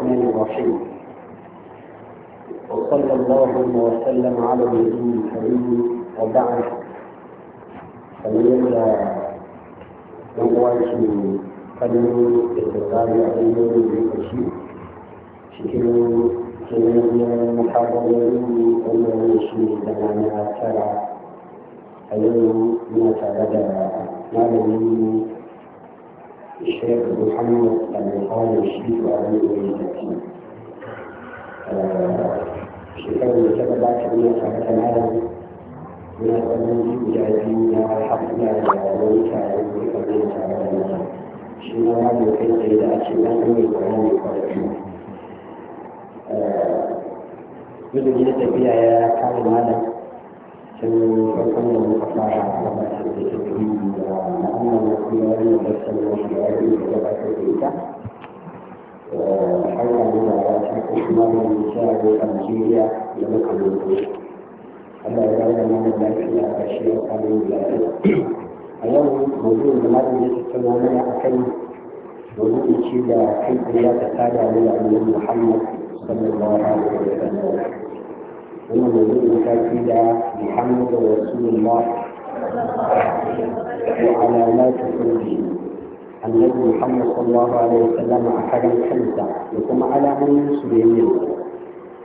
الرحمن الرحيم وصلى الله وسلم على النبي الكريم وبعد فليلا نواجه فلن استقرار عليه بالكشيف شكل جميع المحاضرين ومن يشمل لنا ترى اليوم ما تعرض ما لم الشيخ محمد الرحمن الشريف أبي ولي الدين شكرا لسبب بعثنا فهتنال من الأمور المجاهدين حقنا ومنك عليك ومنك علينا شنو ما يمكن إلى أشياء من القرآن الكريم آه، بدون تبيع يا كامل مالك فيكون الإصلاح على مسجد التكريم لأنه الاختيار ليس الاختيار لإجابة البيتة حيث الولايات الإسلام والنساء الأمجية لمكر الوجود أما إذا من الملكية اليوم موجود المجلس الثمانية أكيد وجود الشيء كيف لا تتابع محمد صلى الله عليه وسلم ومن حفظ محمد رسول الله وعلاماته الدين النبي محمد صلى الله عليه وسلم أحد الخمسة وكما على أن سليمان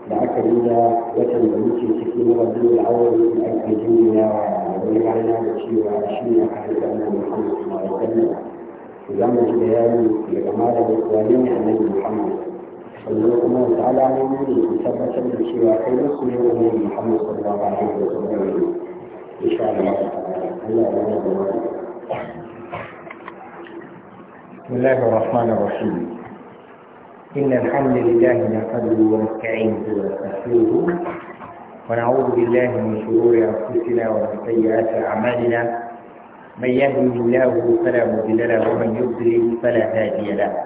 da aka yi da watan da muke ciki na wajen da awon da ake jiniya wani rana da cewa shi ne aka haifar na muhammad sallallahu alaihi wasallam za mu ji bayani daga malamin wani ne annabi muhammad ويقوم على مؤمنين ثبت بالشيعة مسلم من محمد صلى الله عليه وسلم إن شاء الله تعالى الله بسم الله الرحمن الرحيم إن الحمد لله نحمده ونستعينه ونستغفره ونعوذ بالله من شرور أنفسنا ومن سيئات أعمالنا من يهده الله فلا مضل له ومن يضلل فلا هادي له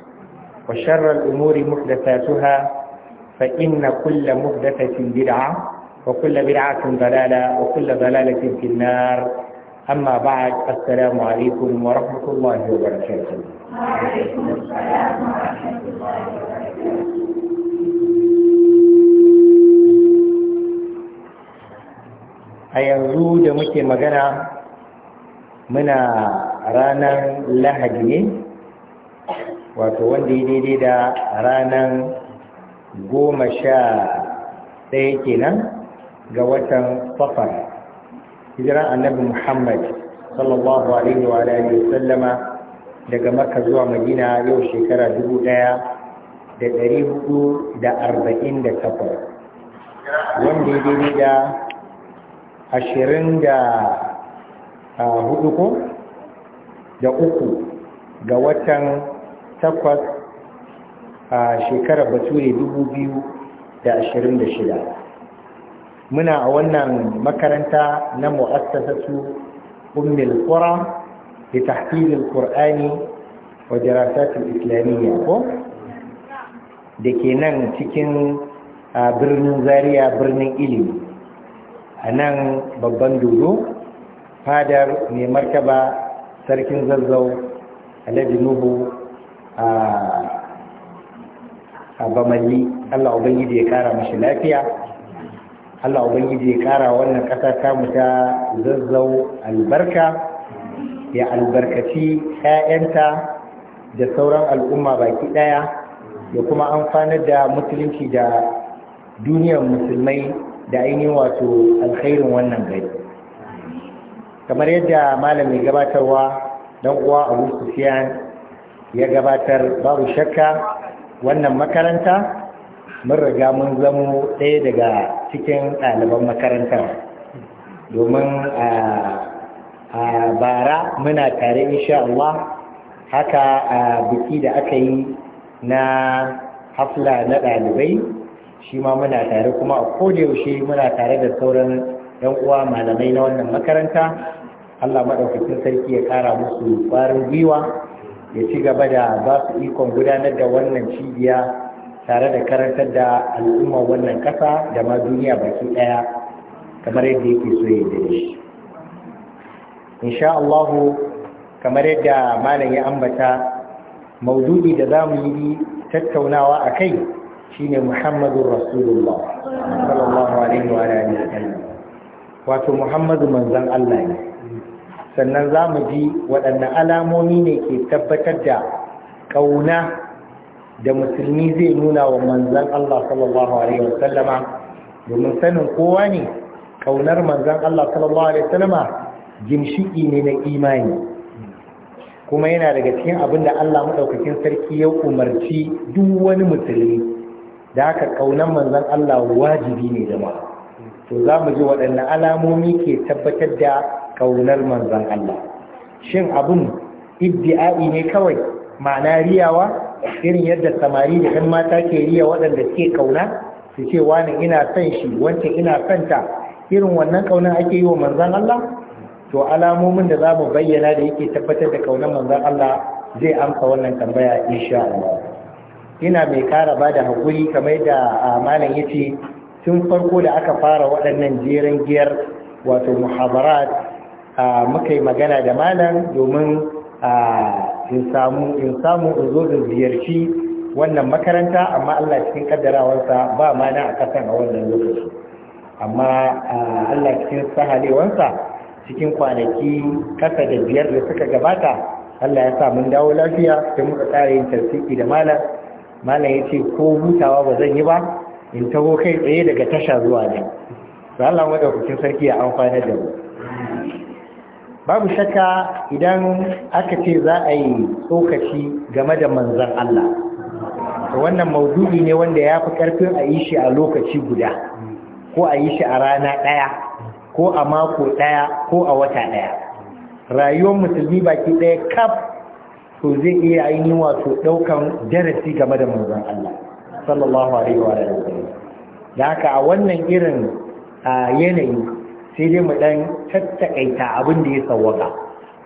وشر الأمور محدثاتها فإن كل محدثة بدعة وكل بدعة ضلالة وكل ضلالة في النار أما بعد السلام عليكم ورحمة الله وبركاته وعليكم السلام ورحمة الله وبركاته a yanzu da muke من رانا لهجين wato wanda ya daidai da ranar goma sha ɗaya kenan ga watan safar hijiran annabi muhammad sallallahu alaihi wa alaihi sallama daga maka zuwa madina yau shekara dubu ɗaya da ɗari hudu da arba'in da takwas wanda ya daidai da ashirin da ah, hudu ko da uku ga watan takwas a shekarar bature shida. muna a wannan makaranta na mu'assasatu ummil qura li tahfiz al-qur'ani wa dirasat al-islamiyya ko dake nan cikin birnin zaria birnin ilimi a nan babban dodo fadar mai martaba sarkin zazzau alhaji nuhu a bamalli Allah Ubangiji ya kara mashi lafiya Allah Ubangiji ya kara wannan ƙasa ta ta zazzau albarka ya albarkaci 'ya'yanta da sauran al'umma baki ɗaya ya kuma amfanar da musulunci da duniyar musulmai da ainihin wato alkhairin wannan gari kamar yadda malami gabatarwa don uwa abu sufiyan ya gabatar babu shakka wannan makaranta mun riga mun zamo ɗaya daga cikin ɗaliban makarantar domin a bara muna tare insha Allah haka a biki da aka yi na hafla na ɗalibai shi ma muna tare kuma a kodayaushe muna tare da sauran yan uwa malamai na wannan makaranta Allah maɗaukacin sarki ya ƙara musu ƙwarin gwiwa ya ci gaba da za su ikon gudanar da wannan cibiya tare da karantar da al'ummar wannan kasa da ma duniya baki daya kamar yadda yake so ya da shi insha Allahu kamar yadda malam ya ambata maududi da za mu yi tattaunawa akai shine Muhammadur Rasulullah sallallahu alaihi wa alihi wato Muhammadu manzon Allah ne sannan za mu ji waɗanne alamomi ne ke tabbatar da ƙauna da musulmi zai nuna wa manzan Allah sallallahu Alaihi wasallama domin sanin kowa ne ƙaunar manzan Allah sallallahu Alaihi wasallama gimshiki ne na imani kuma yana daga cikin abin da Allah maɗaukakin sarki ya umarci duk wani musulmi da haka ƙaunar manzan Allah wajibi ne jama'a to za mu ji waɗannan alamomi ke tabbatar da ƙaunar manzan Allah shin abin iddi'ai ne kawai ma'ana riyawa irin yadda samari da 'yan mata ke riya waɗanda ke ƙauna su ce wani ina son shi wance ina son irin wannan ƙaunar ake yi wa manzan Allah to alamomin da za mu bayyana da yake tabbatar da ƙaunar manzan Allah zai amsa wannan tambaya insha Allah ina mai kara ba da haƙuri kamar da ah, malam yace tun farko da aka fara waɗannan jerin giyar wato muhabarat muka yi magana da malam domin in samu in samu in ziyarci wannan makaranta amma Allah cikin kaddarawarsa ba mana a kasan a wannan lokaci amma Allah cikin sahalewansa cikin kwanaki kasa da biyar da suka gabata Allah ya sa mun dawo lafiya sai muka tsara yin tarsiki da malam malam ya ce ko hutawa ba zan yi ba in taho kai tsaye daga tasha zuwa ne su Allah madaukakin sarki ya amfana da mu babu shakka idan aka ce za a yi tsokaci game da manzan Allah wannan maudu'i ne wanda ya fi karfin a yi shi a lokaci guda ko a yi shi a rana ɗaya ko a mako ɗaya ko a wata ɗaya rayuwar musulmi baki ɗaya kaf to zai iya ainihin wato ɗaukan darasi game da manzan Allah sallallahu alaihi wa sallam da haka a wannan irin yanayi sai dai mu dan tattakaita abin da ya sawwaka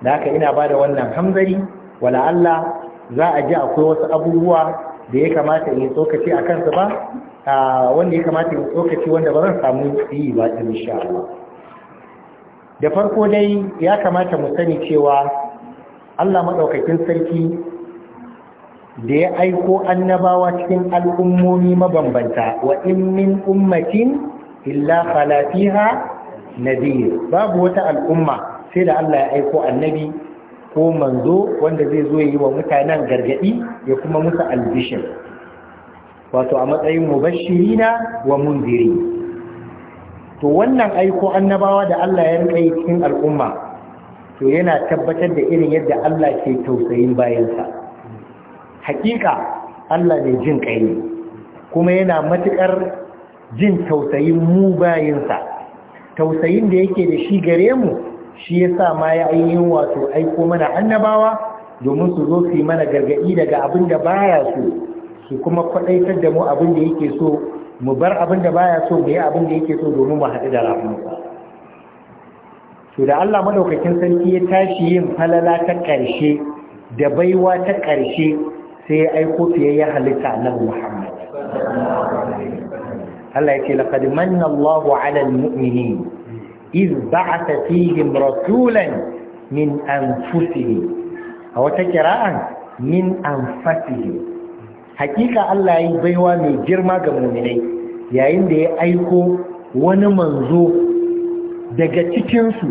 da haka ina bada wannan hamzari wala Allah za a ji akwai wasu abubuwa da ya kamata in tsokaci a kansu ba wanda ya kamata in tsokaci wanda ba zan samu yi ba insha Allah da farko dai ya kamata mu sani cewa Allah maɗaukakin sarki da ya aiko annabawa cikin al'ummomi mabambanta wa in min ummatin illa khala nadir babu wata al'umma sai da Allah ya aiko annabi ko manzo wanda zai zo yi wa mutanen gargadi ya kuma musu albishin. wato a matsayin mubashirina wa munziri to wannan aiko annabawa da Allah ya rika yi cikin al'umma to yana tabbatar da irin yadda Allah ke tausayin bayansa hakika Allah ne jin kai kuma yana matukar jin tausayin mu bayinsa tausayin da yake da shi gare mu shi yasa ma ya ainihin wato aiko mana annabawa domin su zo su mana gargadi daga abin da baya so su kuma kwadaitar da mu abin yake so mu bar abin da baya so mu yi abin da yake so domin mu haɗu da rafinsa to da Allah madaukakin sarki ya tashi yin falala ta ƙarshe da baiwa ta ƙarshe sai ya aiko fiye ya halitta annabi Muhammad Allah ce laqad manna Allahu 'ala al-mu'minin iz ba'atha fihim rasulan min anfusihim a wata kira'an min anfasihi hakika Allah yi baiwa mai girma ga muminai yayin da ya aiko wani manzo daga cikinsu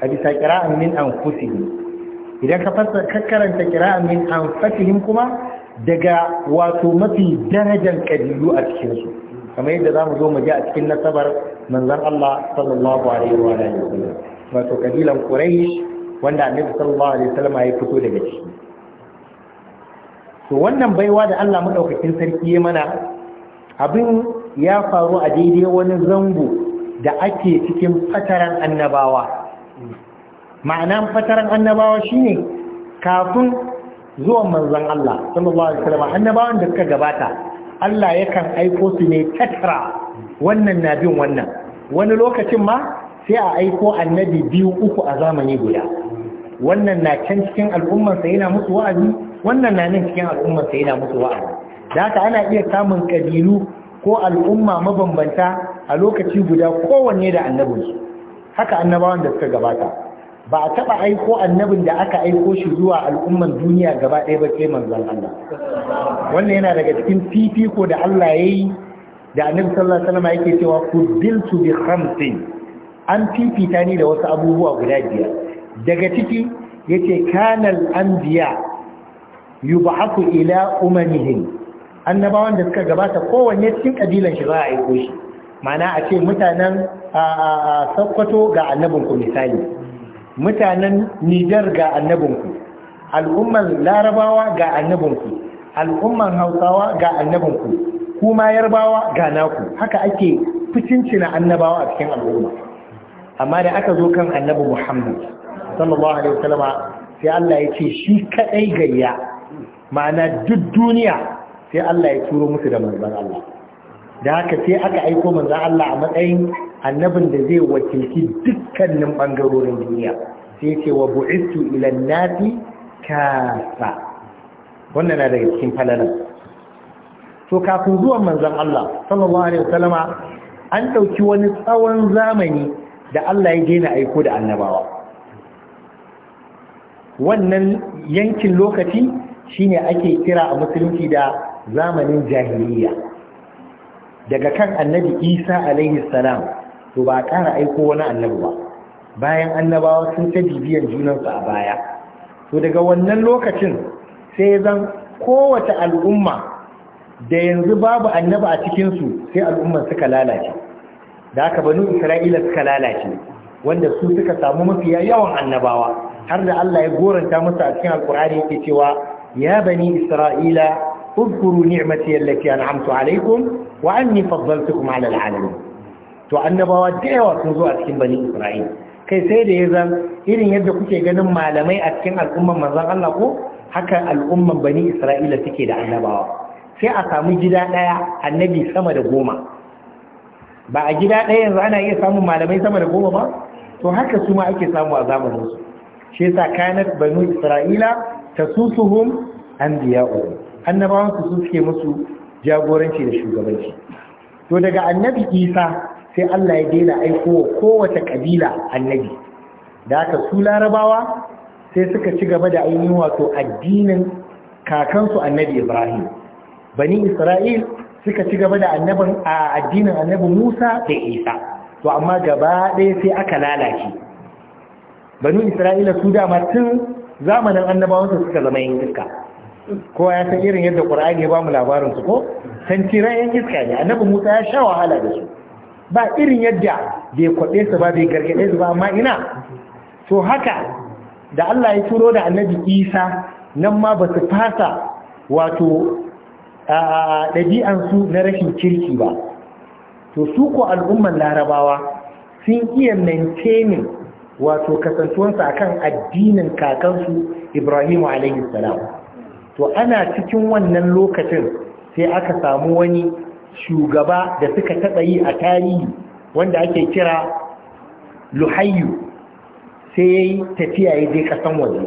a bisa kira'an min anfusihi idan ka karanta kakkaranta kira'an min fatihim kuma daga wato mafi darajar kabilu a cikin su kamar yadda zamu zo mu ji a cikin nasabar manzon Allah sallallahu alaihi wa alihi wato kabilan quraish wanda Annabi sallallahu alaihi wasallam ya fito daga ciki to wannan baiwa da Allah madaukakin sarki ya mana abin ya faru a daidai wani zango da ake cikin fataran annabawa ma'ana fataran annabawa shine kafin zuwan manzon Allah sallallahu alaihi wasallam annabawan da suka gabata Allah yakan aiko su ne tattara wannan na bin wannan wani lokacin ma sai a aiko annabi biyu uku a zamani guda wannan na can cikin al'ummarsa yana musu wa'azi wannan na nan cikin al'ummarsa yana musu wa'azi da haka ana iya samun kabilu ko al'umma mabambanta a lokaci guda kowanne da annabinsu haka annabawan da suka gabata ba a taɓa aiko annabin da aka aiko shi zuwa al'umman duniya gaba ɗaya ba sai manzon Allah wannan yana daga cikin fifiko da Allah ya yi da annabi sallallahu alaihi wasallam yake cewa kubiltu bi khamsin an fifita ni da wasu abubuwa guda biyar daga ciki yace kanal anbiya yub'athu ila umanihim annabawan da suka gabata kowanne cikin kabilan shi za a aiko shi ma'ana a ce mutanen a ga annabin ku misali mutanen Nijar ga annabinku al'umman larabawa ga annabinku al'umman hausawa ga annabinku kuma yarbawa ga naku haka ake na annabawa a cikin al'umma amma da aka zo kan annabi muhammad sallallahu alaihi wasallama sai Allah ya ce shi kaɗai gayya ma'ana duk duniya sai Allah ya turo musu da Allah da haka sai aka aiko manzan Allah a matsayin annabin da zai wakilci dukkanin bangarorin duniya sai ce wa bu'istu ila nafi kasa. wannan na daga cikin falalan to kafin zuwan manzan Allah sallallahu alaihi wasallama an ɗauki wani tsawon zamani da Allah ya daina aiko da annabawa wannan yankin lokaci shine ake kira a musulunci da zamanin jahiliya daga kan annabi isa alaihi salam to ba a ƙara aiko wani annabi ba bayan annabawa sun ta bibiyar junansu a baya to daga wannan lokacin sai zan kowace al'umma da yanzu babu annabi a cikinsu sai al'umman suka lalace da aka banu isra'ila suka lalace wanda su suka samu mafi yawan annabawa har da allah ya goranta musu a cikin alkur'ani yake cewa ya bani isra'ila اذكروا نعمتي التي أنعمت عليكم وأني فضلتكم على العالمين to annabawa da yawa sun zo a cikin bani Isra'il kai sai da ya zan irin yadda kuke ganin malamai a cikin al'umman manzon Allah ko haka al'umman bani Isra'ila suke da annabawa sai a samu gida daya annabi sama da goma ba a gida ɗaya yanzu ana iya samun malamai sama da goma ba to haka su ma ake samu a zamanin su shi yasa kanat banu Isra'ila tasusuhum anbiya'uhum annabawan su suke musu jagoranci da shugabanci to daga annabi isa sai Allah ya daina aiko wa kowace kabila annabi da aka su larabawa sai suka ci gaba da ainihin wato addinin kakansu annabi ibrahim bani isra'il suka ci gaba da annabin a addinin annabi musa da isa to amma gaba ɗaya sai aka lalace bani isra'ila su dama tun zamanin annabawansu suka zama yin iska kowa ya san irin yadda ƙur'ani ya ba mu labarin su ko santiran yan iska ne annabi musa ya sha wahala da su ba irin yadda bai kwaɗe su ba bai gargaɗe su ba amma ina to haka da Allah ya turo da annabi isa nan ma ba su fasa wato ɗabi'ansu na rashin kirki ba to su ko al'umman larabawa sun iya maintaining wato kasantuwansu akan addinin kakansu ibrahimu alaihi salam to ana cikin wannan lokacin sai aka samu wani shugaba da suka taɓa yi a tarihi wanda ake kira Luhayyu, sai ya yi tafiya ya je ƙasan waje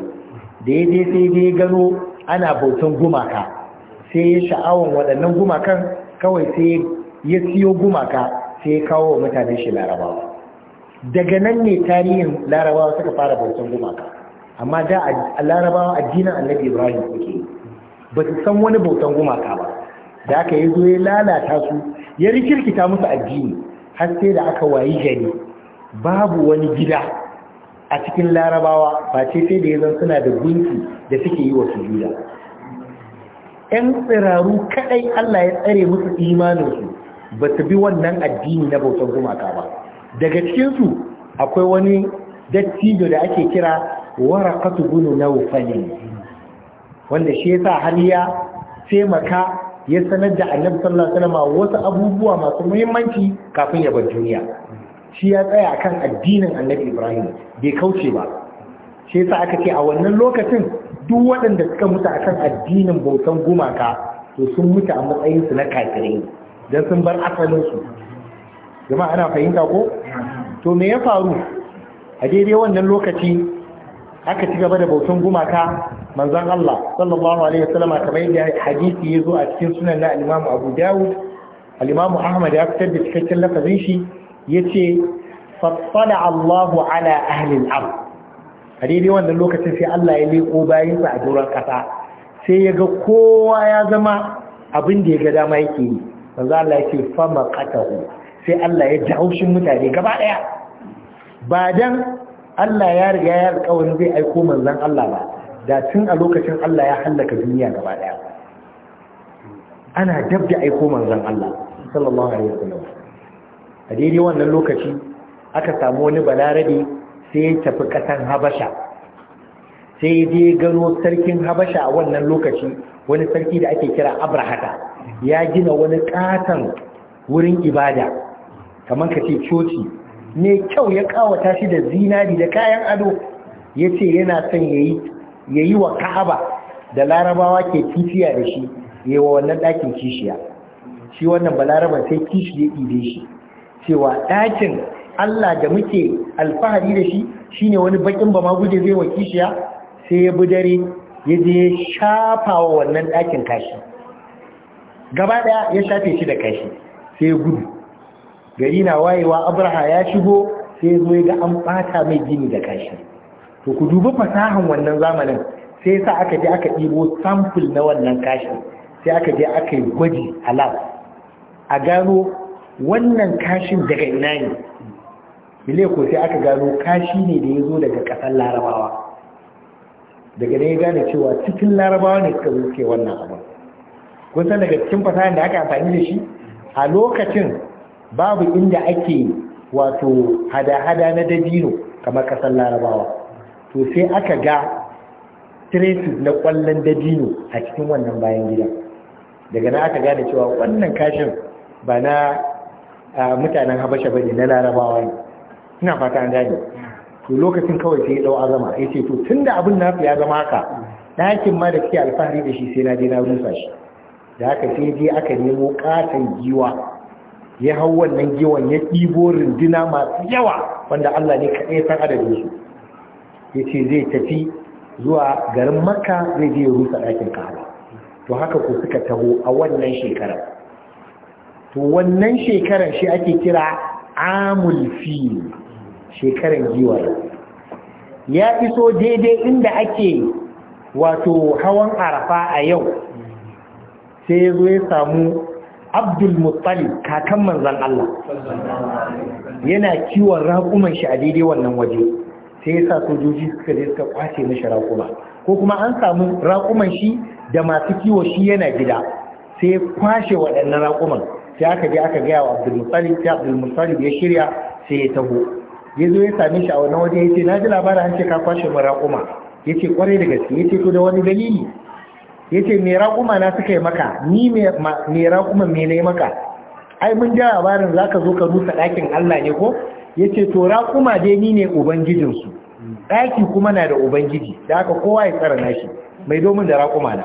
da ya je sai ya gano ana bautan gumaka sai ya sha'awan waɗannan gumakan kawai sai ya siyo gumaka sai ya kawo wa mutane shi larabawa daga nan ne tarihin larabawa suka fara bautan gumaka amma da a larabawa addinin annabi ibrahim suke ba su san wani bautan gumaka ba da aka yi zo ya lalata su ya rikirkita musu addini har sai da aka wayi gari babu wani gida a cikin larabawa ba ce sai da ya zan suna da gunki da suke yi wa su gida. ‘yan tsiraru kaɗai Allah ya tsare musu imaninsu ba su bi wannan addini na bautan gumaka ba daga cikinsu akwai wani dattijo da ake kira warakatu bin nawfal wanda shi yasa har ya taimaka ya sanar da annabi sallallahu alaihi wasallam wasu abubuwa masu muhimmanci kafin ya bar duniya shi ya tsaya akan addinin annabi Ibrahim bai kauce ba shi yasa aka ce a wannan lokacin duk waɗanda suka mutu akan addinin bautan gumaka to sun mutu a matsayin su na kafirai dan sun bar asalin su jama'a ana fahimta ko to me ya faru a daidai wannan lokaci aka ci gaba da bautan gumaka manzon Allah sallallahu alaihi wasallam kamar yadda hadisi ya zo a cikin sunan na Imam Abu Dawud al-Imam Ahmad ya fitar da cikakken lafazin shi yace fattala Allahu ala ahli al-ard a daidai wannan lokacin sai Allah ya leko bayin sa a doron kasa sai ya ga kowa ya zama abin da ya ga dama yake yi manzo Allah yake fama qatahu sai Allah ya ji haushin mutane gaba daya ba dan Allah ya riga ya alƙawarin zai aiko manzan Allah ba da tun a lokacin Allah ya hallaka duniya gaba daya ana dab da aiko manzan Allah sallallahu alaihi wasallam a daidai wannan lokaci aka samu wani balarabe sai ya tafi ƙasan Habasha sai ya je gano sarkin Habasha a wannan lokaci wani sarki da ake kira Abrahata ya gina wani katon wurin ibada kamar ka ce coci ne kyau ya kawata shi da zinari da kayan ado ya ce yana son ya yi wa ka'aba da larabawa ke kishiya da shi ya yi wa wannan ɗakin kishiya shi wannan balaraban sai kishi ya ɗide shi cewa ɗakin Allah da muke alfahari da shi shine wani baƙin ba guje zai wa kishiya sai ya bi dare ya je shafa wa wannan ɗakin kashi gaba ɗaya ya shafe shi da kashi sai ya gudu gari na wayewa abraha ya shigo sai zo ga an bata mai gini da kashi to ku dubi fasahan wannan zamanin sai sa aka je aka ɗibo sample na wannan kashi sai aka je aka yi gwaji a lab a gano wannan kashin daga ina ne bile ko sai aka gano kashi ne da ya zo daga ƙasar larabawa daga ne ya gane cewa cikin larabawa ne suka zuke wannan abin kun san daga cikin fasahar da aka amfani da shi a lokacin babu inda ake wato hada-hada na dabino kamar kasar larabawa to sai aka ga traces na kwallon dabino a cikin wannan bayan gida daga na aka gane cewa wannan kashin ba na mutanen habasha ba ne na larabawa ne ina fata an gane to lokacin kawai sai ya dau azama ya ce to tunda abin nasu ya zama haka ɗakin ma da suke alfahari da shi sai na je na rusa shi da haka sai je aka nemo ƙaton giwa ya hau wannan giwon ya ɗibo rinduna masu yawa wanda Allah ne kaɗai san adadin su ya ce zai tafi zuwa garin maka zai je rusa ɗakin ka'aba to haka ku suka taho a wannan shekarar to wannan shekarar shi ake kira amul fi shekarar giwar ya iso daidai inda ake wato hawan arafa a yau sai ya zo ya samu abdul kakan manzan Allah yana kiwon raƙuman shi a daidai wannan waje sai ya sa sojoji suka je suka kwace mashi raƙuma ko kuma an samu raƙuman shi da masu kiwo shi yana gida sai ya kwashe waɗannan raƙuman sai aka je aka gaya wa abdul sai abdul ya shirya sai ya taho ya zo ya same shi a wannan waje ya ce na ji labarin an ce ka kwashe mu raƙuma ya ce kwarai da gaske ya ce to da wani dalili ya ce me raƙuma na suka yi maka ni me raƙuma mai na yi maka ai mun ja labarin za ka zo ka rusa ɗakin Allah ne ko ya ce to raƙuma dai ni ne ubangijinsu ɗaki kuma na da ubangiji da aka kowa ya tsara nashi mai domin da raƙuma na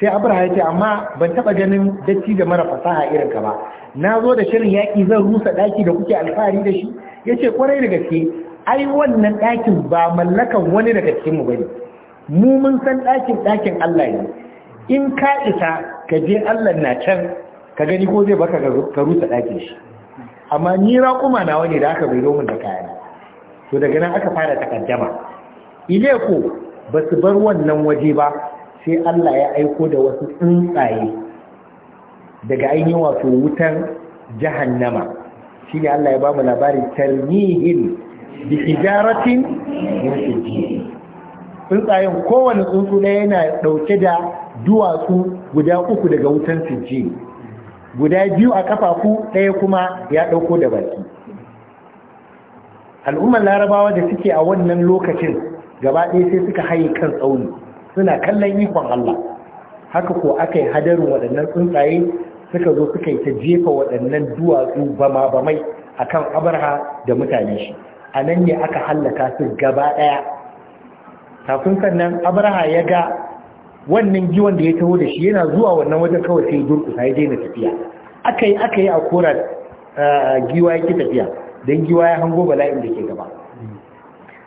sai abraha ya ce amma ban taɓa ganin datti da mara fasaha irin ka ba na zo da shirin yaƙi zan rusa ɗaki da kuke alfahari da shi ya ce kwarai da gaske ai wannan ɗakin ba mallakan wani daga cikinmu ba ne mu mun san ɗakin ɗakin Allah ne in ka isa ka je Allah na can ka gani ko zai baka ka rusa ɗakin shi amma ni raƙuma na wani da aka bai mun da kayana to daga nan aka fara takaddama ile ko ba su bar wannan waje ba sai Allah ya aiko da wasu tsuntsaye daga ainihin wato wutan jahannama shi ne Allah ya ba mu labarin tarmihin bi hijaratin min sijjin tsuntsayen kowane tsuntsu ɗaya yana ɗauke da duwatsu guda uku daga wutan sijji guda biyu a kafafu ɗaya kuma ya ɗauko da baki al'ummar larabawa da suke a wannan lokacin gaba ɗaya sai suka haye kan tsauni suna kallon ikon Allah haka ko aka yi hadarin waɗannan tsuntsaye suka zo suka yi ta jefa waɗannan duwatsu bama-bamai akan abarha da mutane shi a nan ne aka hallaka su gaba ɗaya kafin sannan abraha ya ga wannan giwan da ya taho da shi yana zuwa wannan wajen kawai sai durkusa ya daina tafiya aka yi aka yi a kora giwa yake tafiya don giwa ya hango bala'in da ke gaba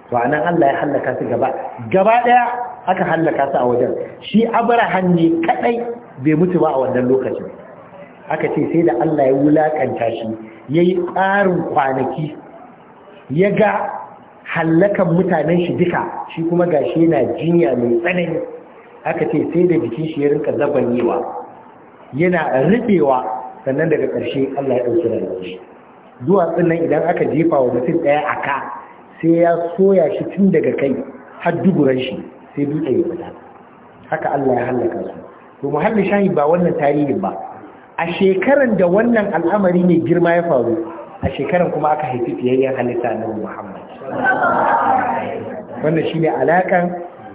to anan Allah ya hallaka su gaba gaba daya aka hallaka su a wajen shi abrahan ne kaɗai bai mutu ba a wannan lokacin aka ce sai da Allah ya wulakanta shi yayi ƙarin kwanaki ya ga hallakan mutanen shi duka shi kuma gashi yana jinya mai tsanani aka ce sai da jikin shi ya rinka zabanewa yana rubewa sannan daga ƙarshe Allah ya ɗauki da shi duwatsun nan idan aka jefa wa mutum ɗaya a ka sai ya soya shi tun daga kai har duburan shi sai dutse ya fita haka Allah ya hallaka su to Muhallin shahi ba wannan tarihin ba a shekaran da wannan al'amari ne girma ya faru a shekaran kuma aka haifi fiyayyen halitta na Muhammad wannan shi ne alakan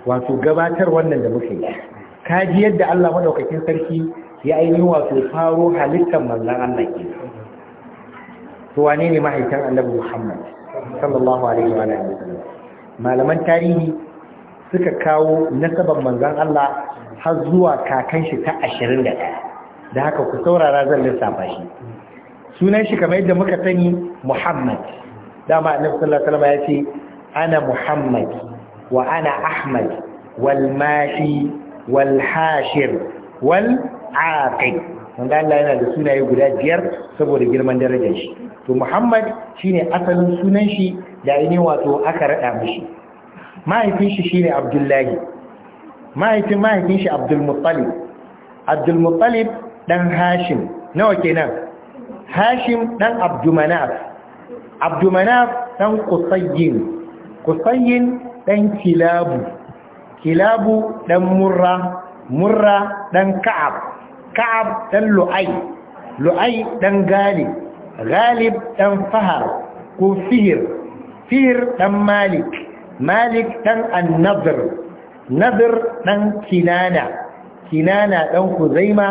wato gabatar wannan da muke yi kaji yadda Allah maɗaukakin sarki ya ainihin wato faro halittar Manzan Allah ke to wane ne mahaifin Annabi Muhammad sallallahu alaihi wa Alaihi malaman tarihi suka kawo nasabar manzan Allah har zuwa kakan shi ta ɗaya. da haka ku saurara zan lissafa shi sunan shi kamar yadda muka sani muhammad dama annabi sallallahu alaihi wasallam ya ce ana muhammad wa ana ahmad wal mahi wal hashir wal aqib wanda Allah yana da sunaye guda biyar saboda girman darajar shi to muhammad shine asalin sunan shi da ne wato aka rada mishi mahaifin shi shine abdullahi mahaifin mahaifin shi abdul muttalib abdul muttalib dan hashim nawa kenan hashim ɗan abdumanaf abdumanaf ɗan kusayyin kusayyin ɗan kilabu kilabu ɗan murra murra ɗan ka'ab ka'ab ɗan lu'ai lu'ai ɗan galib galib ɗan fahar ko fihir fihir ɗan malik malik ɗan annabir nabir ɗan kinana kinana ɗan huzaima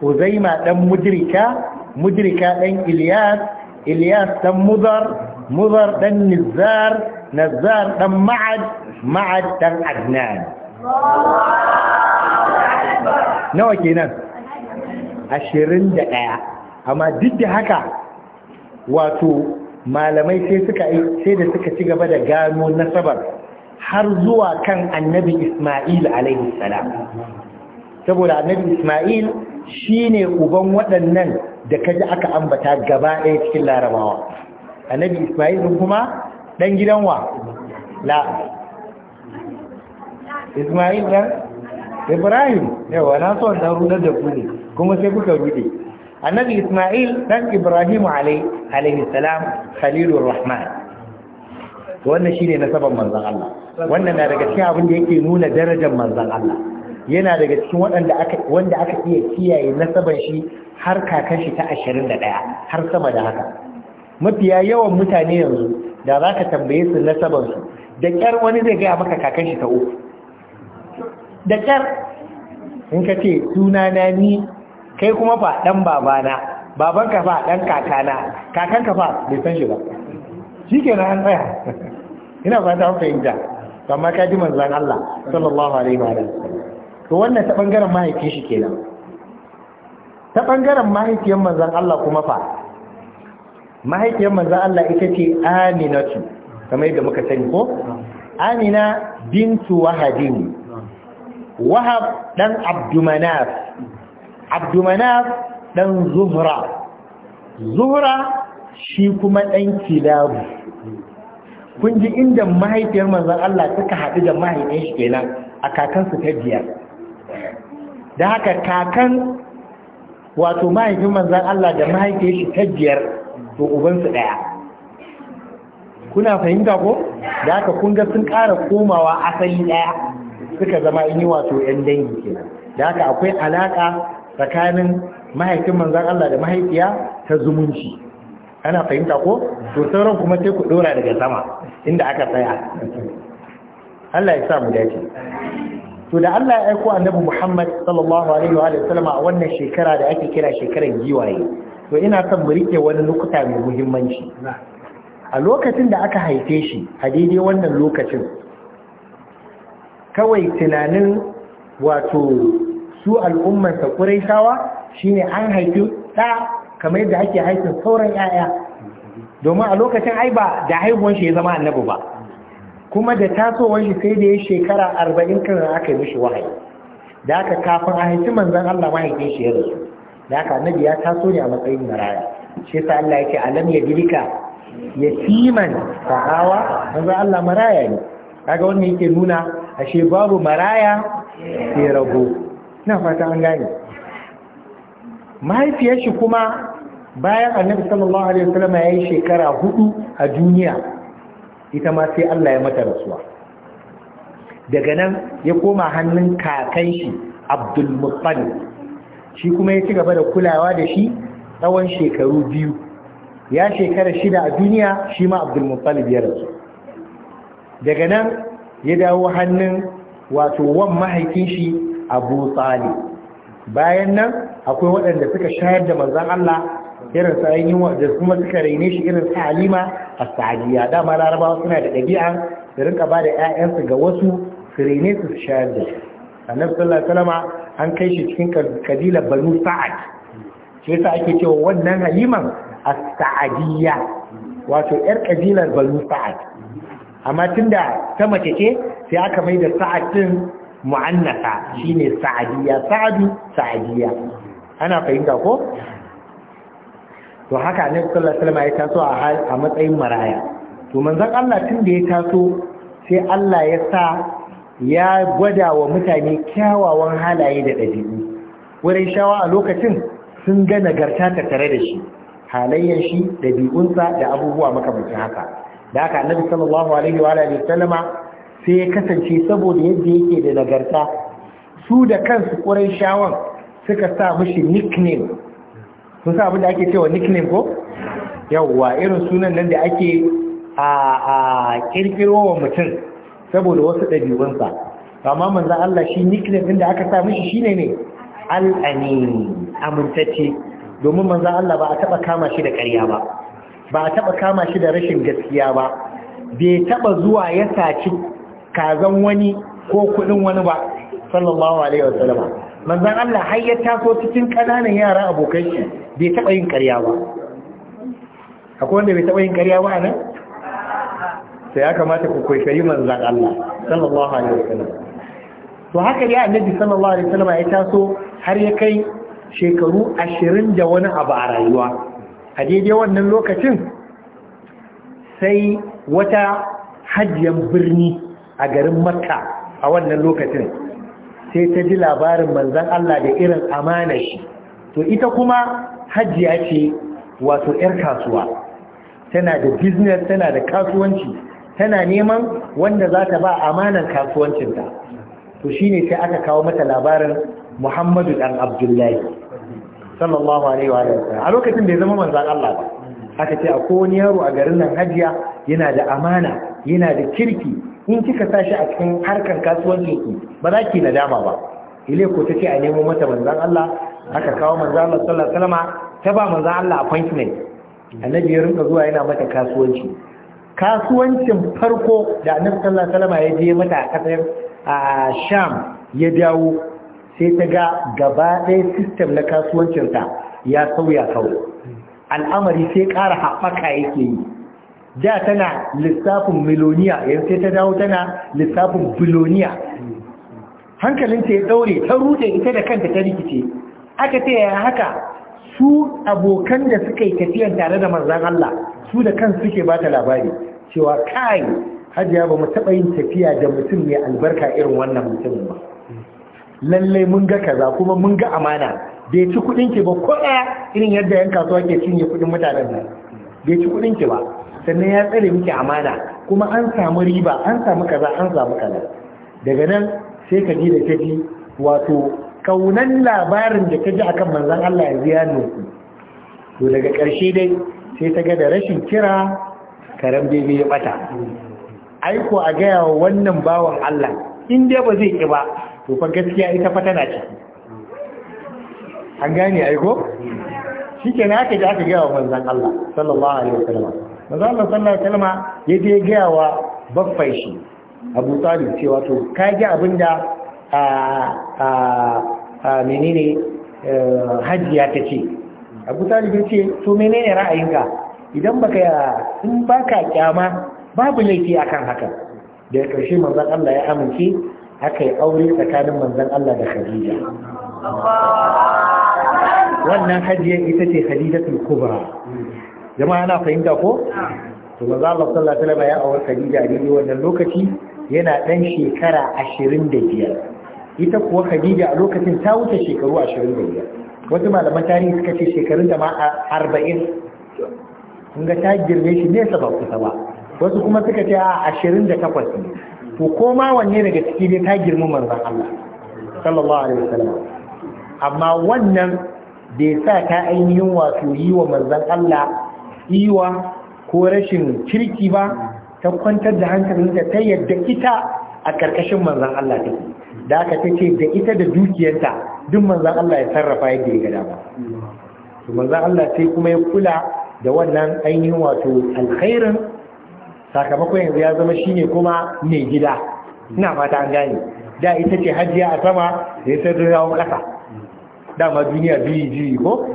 huzaima ɗan mudrika mudrika ɗan Ilyas Ilyas ɗan Mudar Mudar ɗan Nizar Nizar ɗan Ma'ad Ma'ad ɗan Adnan nawa kenan ɗaya. amma duk da haka wato malamai sai sai da suka ci gaba da gano nasabar har zuwa kan annabi Ismail alaihi salam saboda annabi Ismail shine uban waɗannan da kaji aka ambata gaba ɗaya cikin larabawa annabi isma'il kuma ɗan gidan wa la isma'il ɗan ibrahim wa na so na rudar da ku ne kuma sai kuka rude annabi isma'il ɗan ibrahim alaihi salam khalilu rahman wannan ne nasabar manzan Allah wannan na daga cikin abin da yake nuna darajar manzan Allah yana daga cikin wanda aka iya kiyaye nasaban shi har kakashi ta ashirin da ɗaya har sama da haka mafiya yawan mutane yanzu da za ka tambaye su nasabansu da ƙyar wani zai gaya maka kakashi ta uku da ƙyar in ka ce sunana ni kai kuma fa ɗan babana ka fa ɗan kakana ka fa bai san shi ba shi ke na an tsaya ina fata an fahimta ma ka ji manzan Allah sallallahu alaihi wa sallam to wannan ta bangaren mahaifin shi kenan ta ɓangaren mahaifiyar manzan Allah kuma fa mahaifiyar manzan Allah ita ce aminatu kamar yadda muka sani ko amina bintu wahabin wahab ɗan abdumanaf abdumanaf ɗan zuhra zuhra shi kuma ɗan kilabu kun ji inda mahaifiyar manzan Allah suka haɗu da mahaifin shi kenan a kakansu ta biyar da haka kakan wato mahaifin manzan Allah da mahaifiyar shi ta biyar to ubansu ɗaya kuna fahimta ko da haka kun ga sun ƙara komawa asali ɗaya suka zama in yi wato ‘yan dangi kenan da haka akwai alaƙa tsakanin mahaifin manzan Allah da mahaifiya ta zumunci ana fahimta ko to sauran kuma sai ku ɗora daga sama inda aka tsaya Allah ya sa mu dace to da Allah ya aiko annabi Muhammad sallallahu alaihi wa sallama a wannan shekara da ake kira shekarar giwaye to ina son mu rike wani lokuta mai muhimmanci a lokacin da aka haife shi a daidai wannan lokacin kawai tunanin wato su al'ummar sa Quraishawa shine an haifi ta kamar yadda ake haifin sauran 'ya'ya domin a lokacin ai ba da haihuwan shi ya zama annabi ba kuma da tasowar shi sai da ya shekara arba'in kan aka yi mishi wahayi da aka kafin a haifi manzan Allah mahaifin shi ya rasu da aka annabi ya taso ne a matsayin maraya shi sa Allah ce alam ya ya yatiman fahawa manzan Allah maraya ne kaga wannan yake nuna ashe babu maraya ya rago ina fata an gane mahaifiyar shi kuma bayan annabi sallallahu alaihi wasallam ya yi shekara hudu a duniya ita ma sai Allah ya mata rasuwa daga nan ya koma hannun kakan shi Abdul Muttalib shi kuma ya ci gaba da kulawa da shi tsawon shekaru biyu ya shekara shida a duniya shi ma Abdul Muttalib ya rasu daga nan ya dawo hannun wato wan mahaifin shi Abu Talib bayan nan akwai waɗanda suka shayar da manzon Allah irin sa ainihin wajen kuma suka raine shi irin sa halima a sa'adiyya dama larabawa suna da ɗabi'a su rinka ba da 'ya'yansu ga wasu su raine su su shayar da shi annabi sallallahu alaihi an kai shi cikin kabila banu sa'ad shi yasa ake cewa wannan haliman a saadiyya wato yar kabilar banu sa'ad amma da ta mace ce sai aka mai da sa'ad din mu'annasa shine sa'adiyya sa'adu sa'adiyya ana fahimta ko to haka annabi sallallahu alaihi wasallam ya taso a matsayin maraya to manzon Allah tun da ya taso sai Allah ya sa ya gwada wa mutane kyawawan halaye da ɗabi'u wurin shawa a lokacin sun ga nagarta ta tare da shi halayen shi dabi'unsa da abubuwa makamancin haka da haka annabi sallallahu alaihi wa alihi wasallama sai ya kasance saboda yadda yake da nagarta su da kansu ƙurai shawan suka sa mishi nickname kun sa abin da ake cewa nickname ko yawwa irin sunan nan da ake a kirkiro wa mutum saboda wasu ɗabi'unsa amma manzan Allah shi nickname ɗin da aka sa mishi shine ne al'ani amintacce domin manzan Allah ba a taɓa kama shi da ƙarya ba ba a taba kama shi da rashin gaskiya ba bai taɓa zuwa ya saci kazan wani ko kuɗin wani ba sallallahu alaihi wasallam manzan Allah har ya taso cikin ƙananan yara abokan shi bai taɓa yin ƙarya ba akwai wanda bai taɓa yin ƙarya ba nan sai ya kamata ku kwaikwayi manzan Allah sallallahu alaihi wasallam to haka dai annabi sallallahu alaihi wasallam ya taso har ya kai shekaru ashirin da wani abu a rayuwa a daidai wannan lokacin sai wata hajjiyar birni a garin makka a wannan lokacin sai ta ji labarin manzan Allah da irin amana shi to ita kuma hajjiya ce wato 'yar kasuwa tana da business tana da kasuwanci tana neman wanda za ta ba amanan kasuwancinta to shine sai aka kawo mata labarin muhammadu dan abdullahi sallallahu alaihi wa sallam a lokacin da ya zama manzan Allah ba aka ce a kowane yaro a garin nan hajiya yana da amana yana da kirki in kika sa shi a cikin harkar kasuwancinku ba za ki nadama ba ile ko tace a nemo mata manzon Allah aka kawo manzon Allah sallallahu alaihi wasallam ta ba manzon Allah appointment annabi ya rinka zuwa yana mata kasuwanci kasuwancin farko da annabi sallallahu alaihi wasallam ya je mata a kasar Sham ya dawo sai ta ga gaba ɗaya system na kasuwancinta ya sauya kawai al'amari sai ƙara haɓaka yake yi da tana lissafin miloniya yanzu sai ta dawo tana lissafin biloniya hankalinta ya daure ta rute ita da kanta ta rikice aka ce ya haka su abokan da suka yi tafiyan tare da manzan Allah su da kansu suke ba ta labari cewa kai hajiya ba mu taɓa yin tafiya da mutum mai albarka irin wannan mutumin ba lallai mun ga kaza kuma mun ga amana bai ci ki ba ko ɗaya irin yadda yan kasuwa ke cinye kuɗin mutanen nan bai ci ki ba sannan ya tsare miki amana kuma an samu riba an samu kaza an samu kaza daga nan sai ka ji da ta ji wato kaunan labarin da ta ji akan manzon Allah ya ya nuku. to daga ƙarshe dai sai ta ga da rashin kira karen bebe ya bata aiko a gaya wa wannan bawan Allah in dai ba zai ki ba to fa gaskiya ita fa tana ciki an gane aiko shikenan aka ji aka gaya wa manzon Allah sallallahu alaihi wasallam maza Allah sallallahu alaihi wasallam ya je gaya wa baffai shi Abu Talib cewa to ka ji abinda a a menene eh, hajiya ta ce Abu Talib ya ce to menene ra'ayinka idan baka in baka kyama babu laifi akan haka da karshe manzon Allah ya amince aka yi aure tsakanin manzon Allah da Khadija wannan hajiyar ita ce hadijatul kubra jama'a yana fahimta ko to maza Allah sallallahu alaihi wasallam ya aure Khadija a daidai wannan lokaci yana dan shekara 25 ita kuwa Khadija a lokacin ta wuce shekaru 25 wasu malaman tarihi suka ce shekarun da ma 40 kun ga ta girme shi ne ba kusa ba wasu kuma suka ce a 28 ne to ko ma wanne daga ciki ne ta girma manzon Allah sallallahu alaihi wasallam amma wannan bai sa ta ainihin wato yi wa manzan Allah iwa ko rashin kirki ba ta kwantar da hankalinta ta yadda ita a ƙarƙashin manzan Allah ta da aka ta ce da ita da dukiyarta duk manzan Allah ya sarrafa yadda ya gada ba to manzan Allah sai kuma ya kula da wannan ainihin wato alkhairin sakamakon yanzu ya zama shine kuma mai gida ina fata an gane da ita ce hajiya a sama da ya sai ƙasa dama duniya biyu biyu ko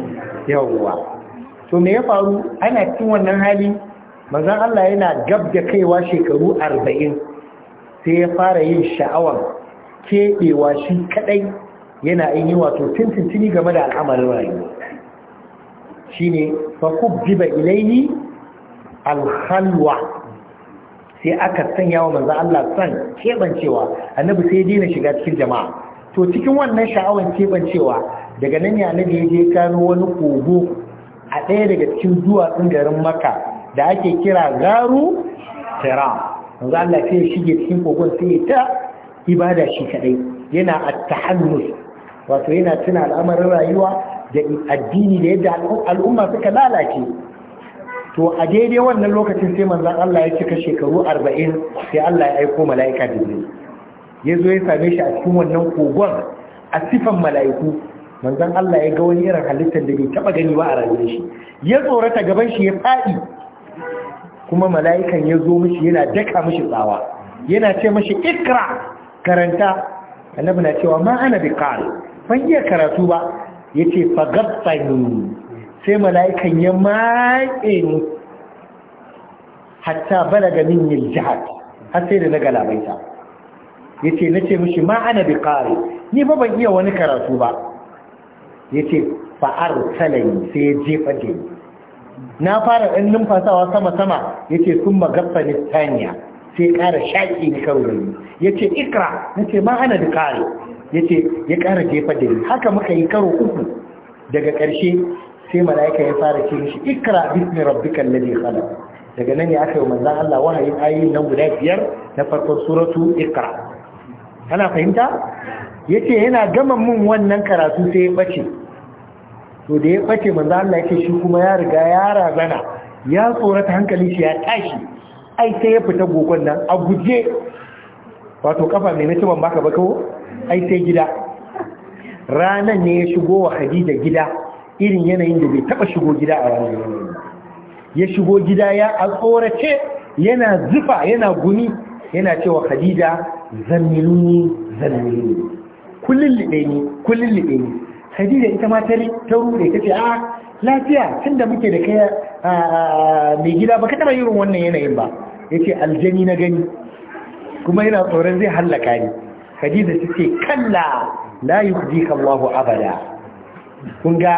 yawwa to me ya faru ana cikin wannan hali manzon Allah yana gab da kaiwa shekaru arba'in sai ya fara yin sha'awar keɓewa shi kaɗai yana yi wato tintintini game da al'amarin rayuwa shi ne fakubjiba al alhalwa sai aka sanya wa manzon Allah san keɓancewa annabi sai dina shiga cikin jama'a to cikin wannan sha'awar keɓancewa daga nan ya nabi ya je kano wani kogo a ɗaya daga cikin duwatsun garin maka da ake kira garu tira yanzu ya shige cikin kogon sai ta ibada shi kadai yana at-tahannus wato yana tuna al'amarin rayuwa da addini da yadda al'umma suka lalace to a daidai wannan lokacin sai manzan Allah ya cika shekaru 40 sai Allah ya aiko mala'ika Jibril ya zo ya same shi a cikin wannan kogon a sifan mala'iku manzon Allah ya ga wani irin halittar da bai taba gani ba a rayuwar shi ya tsorata gaban shi ya fadi kuma mala'ikan ya zo mishi yana daka mishi tsawa yana ce mishi ikra karanta annabi na cewa ma ana bi qari ban iya karatu ba yace fagabtani sai mala'ikan ya mai ni hatta balaga min yiljihad har sai da na galabaita yace nace mishi ma ana bi qari ni ba ban iya wani karatu ba ya ce fa'ar salayi sai ya jefa da ni na fara ɗan numfasawa sama-sama ya ce sun magabta nistaniya sai sai ƙara shaƙi ni kawai ya ce ikra na ce ma ana da ƙare ya ce ya ƙara jefa da ni haka muka yi karo uku daga ƙarshe sai mala'ika ya fara ce shi ikra bismi rabbikal ladhi khalaq daga nan ya aka yi manzan Allah wahayin ayoyin nan guda biyar na farkon suratu ikra Kana fahimta yace yana gama mun wannan karatu sai ya bace to da ya bace manzo Allah yake shi kuma ya riga ya razana ya tsorata hankali shi ya tashi ai sai ya fita gogon nan a guje wato kafa mai nace ban baka ba ko ai sai gida ranan ne ya shigo wa Khadija gida irin yanayin da bai taba shigo gida a ranar ya shigo gida ya a tsorace yana zufa yana guni yana cewa Khadija zanniluni zanniluni kullun libe ni kullun libe ni khadija ita ma ta rude ta ce a lafiya tunda muke da kai mai gida ba ka taba irin wannan yanayin ba Ya ce aljani na gani kuma yana tsoron zai hallaka ni khadija ta ce kalla la yujika Allahu abada kun ga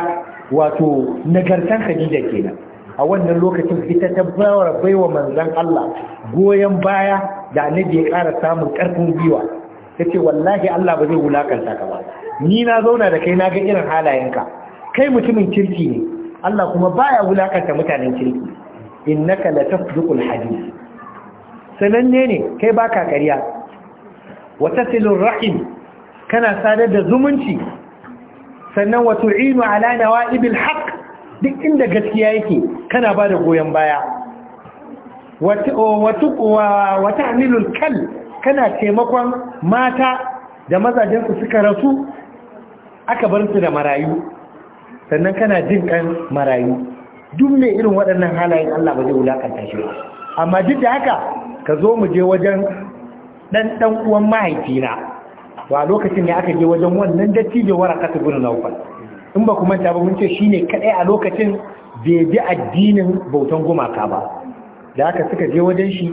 wato nagartan khadija kenan a wannan lokacin ita ta bawa baiwa manzan Allah goyon baya da annabi ya ƙara samun ƙarfin gwiwa ya ce wallahi Allah ba zai wulakanta ka ba ni na zauna da kai na ga irin halayenka kai mutumin kirki ne Allah kuma baya wulakanta mutanen kirki innaka la tasdiqul hadith sananne ne kai baka ƙarya wa tasilur rahim kana sadar da zumunci sannan wa tu'inu ala nawaibil haqq duk inda gaskiya yake kana bada goyen baya wata amilul kal kana taimakon mata da mazajensu suka rasu aka bar su da marayu sannan kana jin kan marayu duk mai irin waɗannan halayen Allah ba zai wulakanta shi amma duk da haka ka zo mu je wajen ɗan ɗan uwan mahaifina wa lokacin ne aka je wajen wannan dattijo waraka ta gudun naufal in ba kuma ta ba mun ce shine kaɗai a lokacin bai bi addinin bautan gumaka ba da aka suka je wajen shi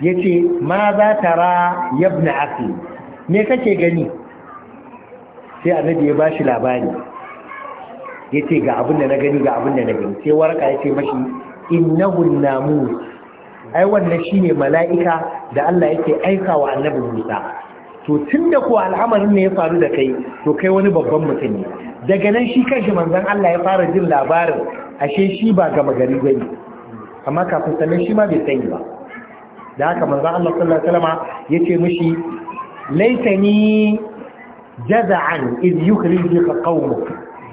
ya ce ma za ta ra yabna afi me kake gani sai annabi ya shi labari ya ce ga abin da na gani ga abin da na gani sai warka ya ce mashi innahu namus ai wannan ne mala'ika da Allah yake aika wa annabin Musa to tun da ko al'amarin ne ya faru da kai to kai wani babban mutum ne daga nan shi shi manzon Allah ya fara jin labarin ashe shi ba gama gari bane amma kafin sannan shi ma bai sani ba da haka manzan Allah sallallahu alaihi wasallam yace mishi laitani jaza'an iz yukhrijuka qaumuk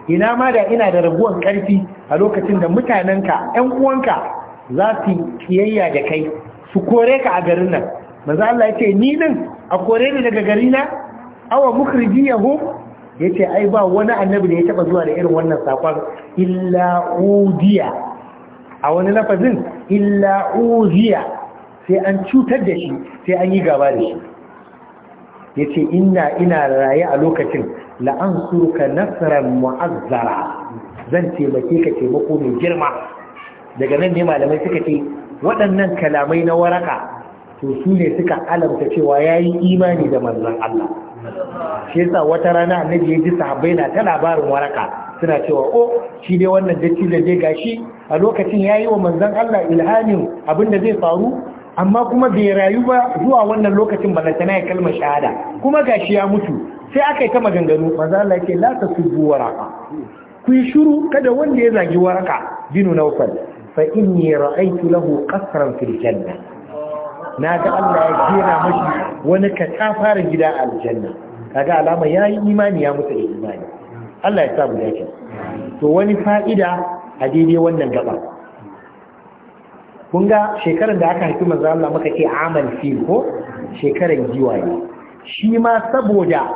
ina ma da ina da rabuwan karfi a lokacin da mutanenka ƴan uwanka za su kiyayya da kai su kore ka a garin nan manzan Allah yace ni din a kore ni daga garina awa Ya yace ai ba wani annabi da ya taba zuwa da irin wannan sakon illa udiya a wani lafazin illa uziya sai an cutar da shi sai an yi gaba da shi ya ce ina ina raye a lokacin la'an suruka nasarar mu'azzara zan taimake ka taimako mai girma daga nan ne malamai suka ce waɗannan kalamai na waraka to su ne suka alamta cewa ya yi imani da manzan Allah shi yasa wata rana annabi ya ji sahabbai na ta labarin waraka suna cewa o oh, shi dai wannan dattijo dai gashi a lokacin ya yi wa manzon Allah ilhamin abin da zai faru amma kuma bai rayu ba zuwa wannan lokacin ba balantana ya kalmar shahada kuma gashi ya mutu sai aka yi ta maganganu manzon Allah yake la subu waraka ku yi shiru kada wanda ya zagi waraka binu nawfal fa inni ra'aytu lahu qasran fil janna na ga Allah ya gina mashi wani katafaren gida aljanna kaga alama ya yi imani ya mutu da imani Allah ya sa mu dace to wani fa'ida a daidai wannan gaba kun ga shekarar da aka haifi manzo Allah muka ce amal fi ko shekarar giwaye shi ma saboda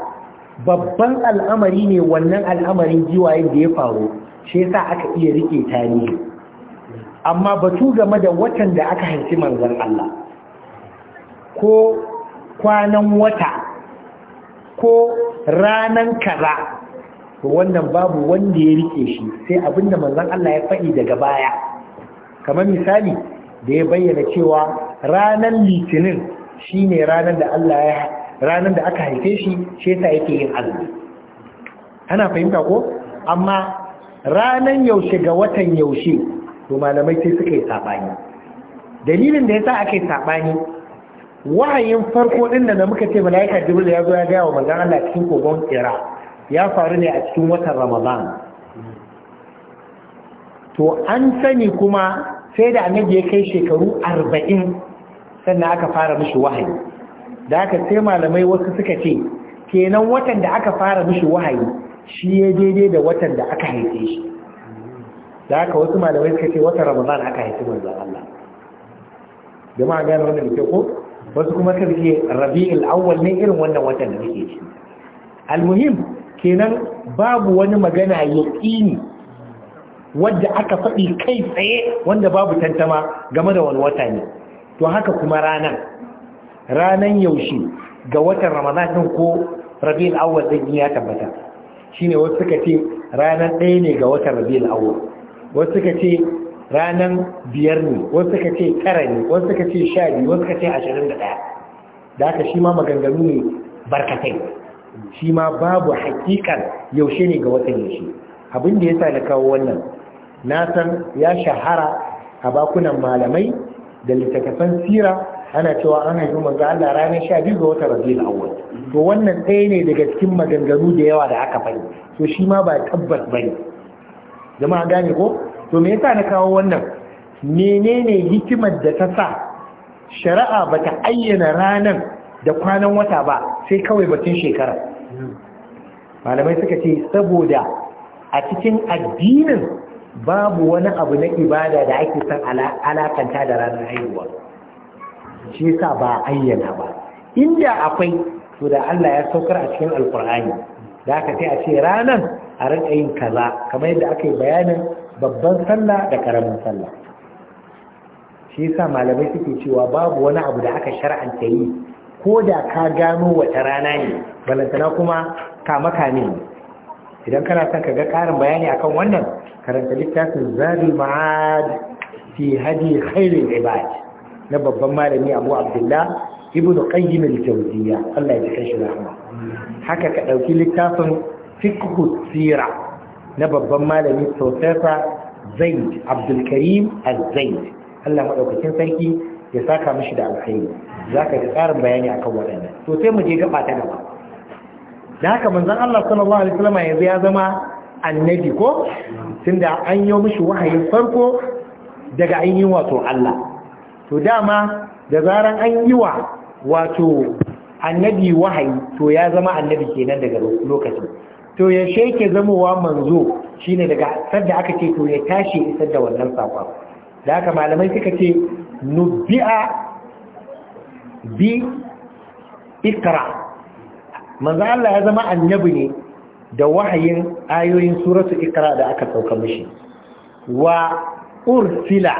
babban al'amari ne wannan al'amarin giwayen da ya faru shi yasa aka iya rike tarihi amma batu game da watan da aka haifi manzan Allah ko kwanan wata ko ranan kaza to wannan babu wanda ya rike shi sai abinda manzon Allah ya faɗi daga baya kamar misali da ya bayyana cewa ranan litinin shine ranan da Allah ya ranan da aka haife shi shi yasa yake yin azumi ana fahimta ko amma ranan yaushe ga watan yaushe to malamai sai suka yi sabani dalilin da yasa aka yi sabani wa'ayin farko din da muka ce malaika jibril ya zo ya gaya wa manzon Allah cikin kogon kira ya faru ne a cikin watan ramadan to an sani kuma sai da annabi ya kai shekaru arba'in sannan aka fara mishi wahayi da aka sai malamai wasu suka ce kenan watan da aka fara mishi wahayi shi ya daidai da watan da aka haife shi da aka wasu malamai suka ce watan ramadan aka haifi manzon Allah jama'a gane wannan da ke ko wasu kuma ka ce rabi'ul awwal ne irin wannan watan da muke ci almuhim kenan babu wani magana tsini wadda aka faɗi kai tsaye wanda babu tantama game da wani wata ne to haka kuma ranan ranan yaushe ga watan ramadan din ko rabi'ul awwal din ya tabbata shine wasu suka ce ranar ɗaya ne ga watan rabi'ul awwal wasu suka ce ranan biyar ne wasu ka ce tara ne wasu ka ce sha biyu wasu ka ce ashirin da ɗaya da haka shi ma maganganu ne barkatai shi ma babu hakikan yaushe ne ga watan yaushe abin da ya sa na kawo wannan na san ya shahara a bakunan malamai da littattafan sira ana cewa an haifi manzo Allah ranar sha biyu ga wata rabiul awwal to wannan ɗaya ne daga cikin maganganu da yawa da aka fani to shi ma ba tabbas bane jama'a gane ko to me yasa na kawo wannan menene hikimar da ta sa shari'a bata ayyana ranan da kwanan wata ba sai kawai batun shekara malamai suka ce saboda a cikin addinin babu wani abu na ibada da ake san alakanta da ranar haihuwa shi yasa ba ayyana ba inda akwai to da Allah ya saukar a cikin alkur'ani da aka sai a ce ranan a rinka kaza kamar yadda aka yi bayanin babban sallah da karamin sallah shi yasa malamai suke cewa babu wani abu da aka shar'anta yi ko da ka gano wata rana ne balantana kuma kama kame ne idan kana son ka ga ƙarin bayani akan wannan karanta littafin zari ma'ad fi hadi Khairin ibad na babban malami Abu Abdullah ibn Qayyim al-Jawziyya Allah ya ji haka ka dauki littafin fiqh sirah na babban malami professor zaid abdulkarim al zaid Allah maɗaukacin sarki ya saka mashi da alkhairi ka ji tsarin bayani kan waɗannan to sai mu je gaba ta gaba da haka manzon Allah sallallahu alaihi wasallam yanzu ya zama annabi ko tunda an yi mishi wahayin farko daga an wato Allah to dama da zaran an yi wa wato annabi wahayi to ya zama annabi kenan daga lokacin to ya zamowa manzo shine daga sadda aka ce to ya tashi isar da wannan sakon da haka malamai suka ce nubbi'a bi ikra manzo Allah ya zama annabi ne da wahayin ayoyin suratu ikra da aka sauka mishi wa ursila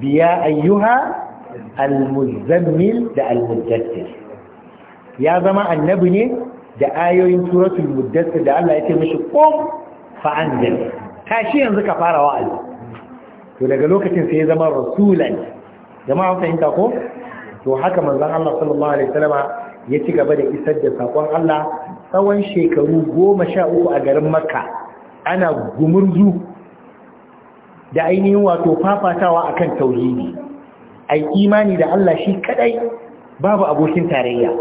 biya ayyuha Al-muzammil da almuddassir ya zama annabi ne da ayoyin suratul muddassir da Allah ya ce mishi qum fa Ka shi yanzu ka fara wa Allah. to daga lokacin sai ya zama rasulan jama'a fahimta ko to haka manzon Allah sallallahu alaihi wasallama ya ci gaba da isar da sakon Allah tsawon shekaru goma sha uku a garin Makka ana gumurzu da ainihin wato fafatawa akan tauhidi ai imani da Allah shi kadai babu abokin tarayya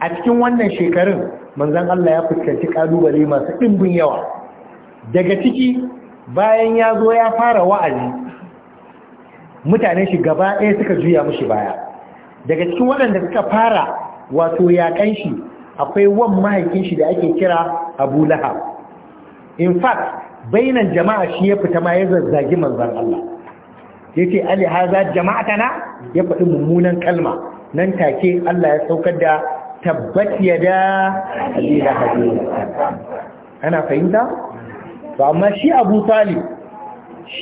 a cikin wannan shekarun manzan Allah ya fuskanci kalubale masu ɗimbin yawa daga ciki bayan ya zo ya fara wa'azi mutane shi gaba ɗaya suka juya mushi baya daga cikin waɗanda suka fara wato yaƙan shi akwai wan mahaifin shi da ake kira abu lahab in fact bainan jama'a shi ya fita ma ya zazzagi manzan Allah ya ce alihaza tana ya faɗi mummunan kalma nan take Allah ya saukar da tabbat yada alila hadith ana fahimta to amma shi Abu Talib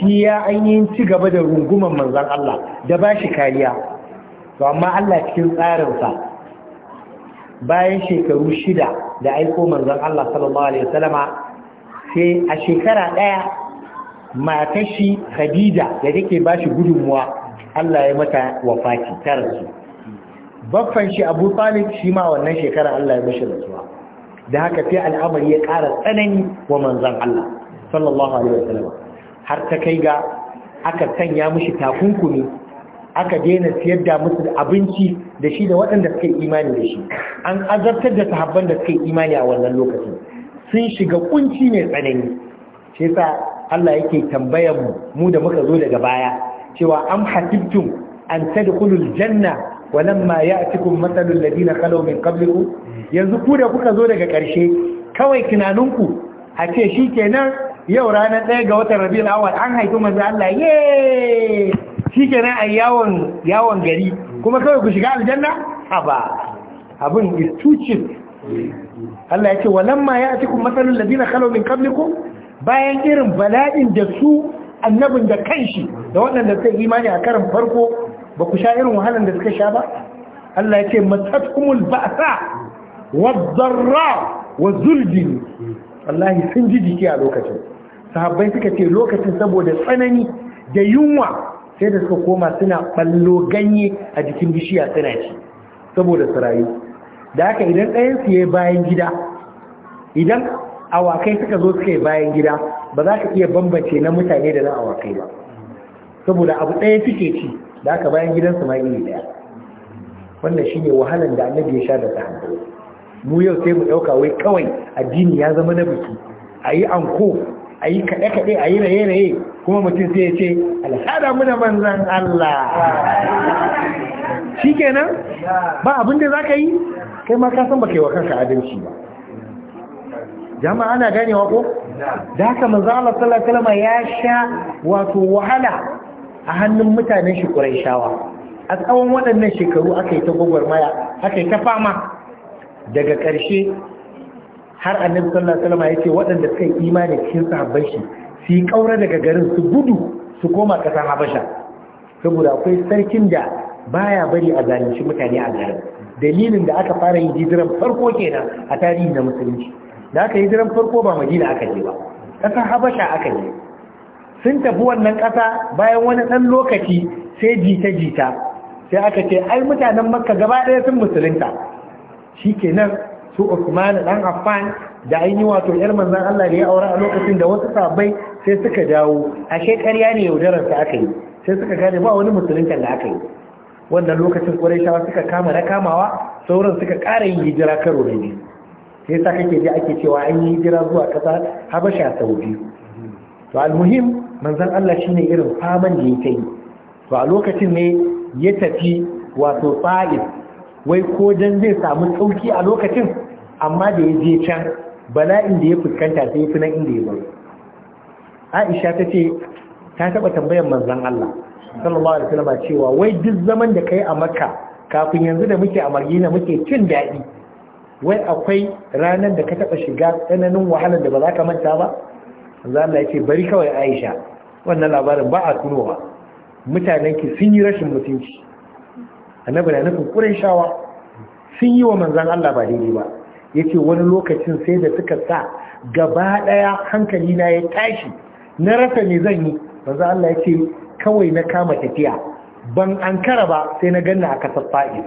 shi ya ainihin ci gaba da runguman manzon Allah da bashi kariya to amma Allah cikin tsarin sa bayan shekaru shida da aiko manzon Allah sallallahu Alaihi wasallama sai a shekara ɗaya matashi Khadija da take bashi shi gudunmuwa Allah ya mata wafati tara su baffan shi abu talib shi ma wannan shekara Allah ya mishi rasuwa da haka sai al'amari ya kara tsanani wa manzan Allah sallallahu alaihi wasallam har ta kai ga aka sanya mishi takunkumi aka daina siyar da musu abinci da shi da waɗanda suka imani da shi an azabtar da sahabban da suka imani a wannan lokacin sun shiga kunci mai tsanani shi yasa Allah yake tambayar mu da muka zo daga baya cewa am hasibtum an tadkhulul janna walamma ya'tikum mathalul ladina khalaw min qablikum yanzu ku da kuka zo daga karshe kawai tunaninku a ce shi kenan yau ranar ɗaya ga watan rabiul awal an haifi manzo Allah ye shi kenan a yawon yawon gari kuma kawai ku shiga aljanna haba abin is too cheap Allah ya ce walamma ya'tikum mathalul ladina khalaw min qablikum bayan irin bala'in da su annabin da kanshi da waɗanda suka imani a karin farko ba ku sha irin wahalar da suka sha ba Allah ya ce matatkumul ba'sa wa dharra wa zuljil wallahi sun ji jiki a lokacin sahabbai suka ce lokacin saboda tsanani da yunwa sai da suka koma suna ballo ganye a jikin bishiya suna ci saboda su rayu da haka idan ɗayan su yayi bayan gida idan awakai suka zo suka yi bayan gida ba za ka iya bambance na mutane da na awakai ba saboda abu ɗaya suke ci da aka bayan gidansu ma iri daya wannan shine wahalan da annabi ya sha da sahabbai mu yau sai mu ɗauka wai kawai addini ya zama na biki ayi anko ayi kaɗe kaɗe ayi raye raye kuma mutum sai ya ce alhada mu da manzon Allah shikenan ba abin da zaka yi kai ma ka san baka yi wa kanka adalci ba jama'a ana ganewa ko da haka manzo Allah sallallahu ya sha wato wahala a hannun mutanen shi ƙuraishawa a tsawon waɗannan shekaru aka yi ta gwagwarmaya aka yi ta fama daga ƙarshe har annabi sallallahu alaihi wasallam yace waɗanda suka yi imani cikin sahabban shi su yi ƙaura daga garin su gudu su koma ƙasar Habasha saboda akwai sarkin da baya bari a zalunci mutane a garin dalilin da aka fara yi hijiran farko kenan a tarihi na musulunci da aka yi hijiran farko ba Madina aka je ba ƙasar Habasha aka je sun tafi wannan ƙasa bayan wani ɗan lokaci sai jita-jita sai aka ce ai mutanen makka gaba ɗaya sun musulunta shi kenan su usman ɗan affan da an yi wato yar manzan Allah da ya aura a lokacin da wasu sabai sai suka dawo ashe ƙarya ne yaudararsa aka yi sai suka gane ba wani musulunta da aka yi wannan lokacin ƙwarai suka kama na kamawa sauran suka ƙara yin hijira karo na biyu sai sa kake ji ake cewa an yi hijira zuwa ƙasa habasha sau biyu to almuhim manzan Allah shi ne irin faman da ya yi to a lokacin ne ya tafi wato tsa'if wai ko dan zai samu sauki a lokacin amma da ya je can bala'in da ya fuskanta sai ya fi nan inda ya bar Aisha ta ce ta taba tambayar manzan Allah sallallahu alaihi wasallam cewa wai duk zaman da kai a Makka kafin yanzu da muke a Madina muke cin daɗi wai akwai ranar da ka taɓa shiga tsananin wahalar da ba za ka manta ba manzo Allah ya ce bari kawai Aisha wannan labarin ba a tunowa mutanen ki sun yi rashin mutunci annabi na nufin shawa, sun yi wa manzan Allah ba daidai ba yace wani lokacin sai da suka sa gaba ɗaya hankali na ya tashi na rasa me zan yi manzo Allah ya ce kawai na kama tafiya ban ankara ba sai na ganna a kasar fai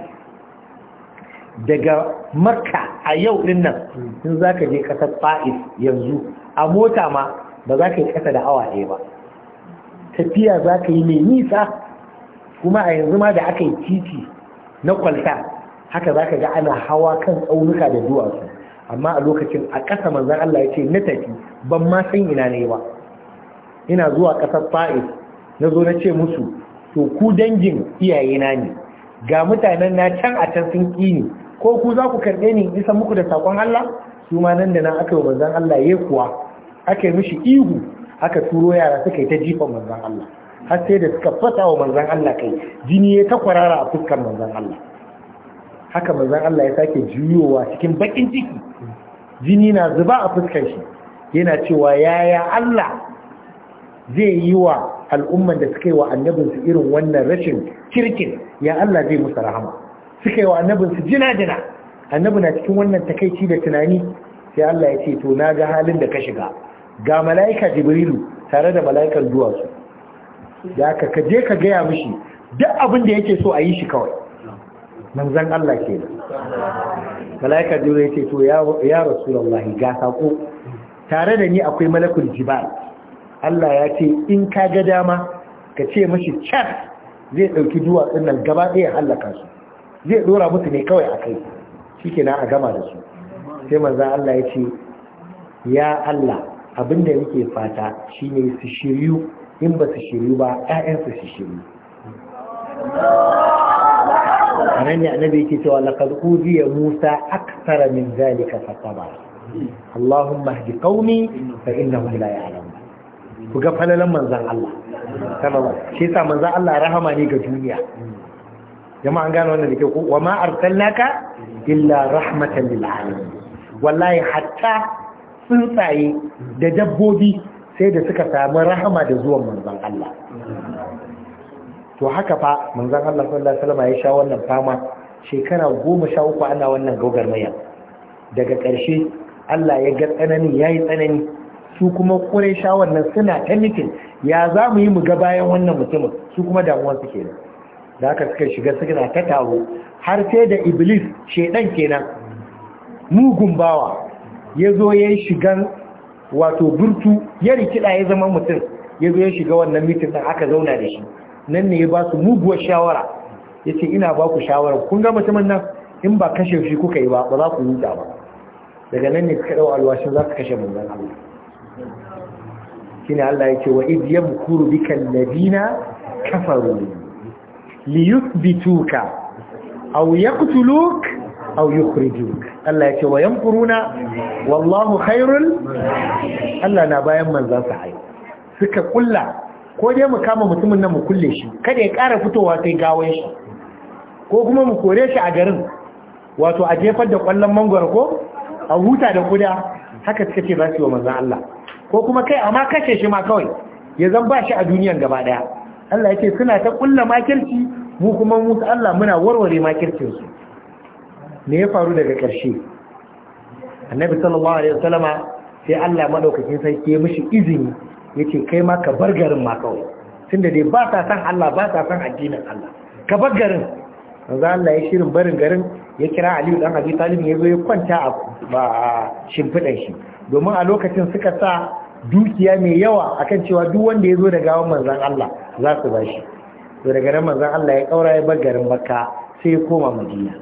daga makka a yau dinnan, in za ka je kasar fa'is yanzu a mota ma ba za ka yi kasa da awa ɗaya ba tafiya za ka yi mai nisa kuma a yanzu ma da aka yi titi na kwalta haka za ka ga ana hawa kan tsaunuka da duwatsu amma a lokacin a ƙasa manzan Allah ya ce na tafi ban ma san ina ne ba ina zuwa ƙasar fa'is na zo na ce musu to ku dangin iyayena ne ga mutanen na can a can sun ƙi ko ku za ku karɓe ni isa muku da saƙon Allah su ma nan da nan aka yi manzan Allah ya kuwa aka yi mishi ihu aka turo yara suka yi ta jifa manzan Allah har sai da suka fasa wa manzan Allah kai jini ya ta kwarara a fuskar manzan Allah haka manzan Allah ya sake juyowa cikin bakin ciki jini na zuba a fuskar shi yana cewa yaya Allah zai yi wa al'umman da suka yi wa annabinsu irin wannan rashin kirkin ya Allah zai musu rahama suka yi wa annabinsu jina-jina annabi na cikin wannan takaici da tunani sai Allah ya ce to na ga halin da ka shiga ga mala'ika jibrilu tare da mala'ikan duwatsu da aka ka je ka gaya mishi duk abin da yake so a yi shi kawai manzan Allah ke da mala'ika jibrilu ya ce to ya rasulullah ga sako tare da ni akwai malakul jibal Allah ya ce in ka ga dama ka ce mashi cat zai ɗauki duwatsun nan gaba ɗaya hallaka su zai ɗora musu ne kawai a kai na a gama da su sai manzon Allah ya ce ya Allah abin da nake fata shine su shiryu in ba su shiryu ba ƴaƴansu su shiryu a nan ne annabi yake cewa laqad uziya Musa aksara min zalika fasaba Allahumma hdi qaumi fa innahum la ya'lamun ku ga falalan manzan Allah sallallahu shi yasa manzan Allah rahama ne ga duniya jama'an an gane wannan dake ko wa ma arsalnaka illa rahmatan lil alamin wallahi hatta tsuntsaye da dabbobi sai da suka samu rahama da zuwan manzon Allah to haka fa manzon Allah sallallahu alaihi wasallam ya sha wannan fama shekara goma sha uku ana wannan maya daga ƙarshe Allah ya ga tsanani ya yi tsanani su kuma ƙure sha wannan suna ta mitin ya za mu yi mu ga bayan wannan mutumin su kuma damuwar su kenan da aka suka shiga suka ta taro har sai da iblis shaidan kenan mugun bawa ya zo ya shigan wato burtu ya rikida ya zama mutum ya zo ya shiga wannan mitin ɗin aka zauna da shi nan ne ya ba su muguwar shawara ya ce ina ba ku shawara kun ga mutumin nan in ba kashe shi kuka yi ba ba za ku huta ba daga nan ne kaɗau alwashin za su kashe manzan Allah ne Allah ya ce wa kuru bikan bika alladina kafaru liyuthbituka aw yaqtuluk aw yukhrijuk Allah ya ce wa yanfuruna wallahu khairul Allah na bayan manzon su suka kulla ko dai mu kama mutumin nan mu kulle shi kada ya ƙara fitowa sai gawan shi ko kuma mu kore shi a garin wato a jefar da kwallon mangwaro ko a huta da kuda haka suka ce ba su yi wa manzon Allah ko kuma kai amma kashe shi ma kawai ya zan ba shi a duniyan gaba daya Allah ya ce suna ta kulla makirci mu kuma mu Allah muna warware makircin su me ya faru daga ƙarshe annabi sallallahu alaihi wasallama sai Allah madaukakin sarki ya mishi izini yace kai ma ka bar garin ma kawai tunda dai ba ta san Allah ba ta san addinin Allah ka bar garin manzo Allah ya shirin barin garin ya kira Aliyu dan Abi Talib ya zo ya kwanta a shimfidan shi domin a lokacin suka sa dukiya mai yawa akan cewa duk wanda ya zo da gawan manzan Allah za su ba shi to da manzan Allah ya kaura ya bar garin Makka sai ya koma Madina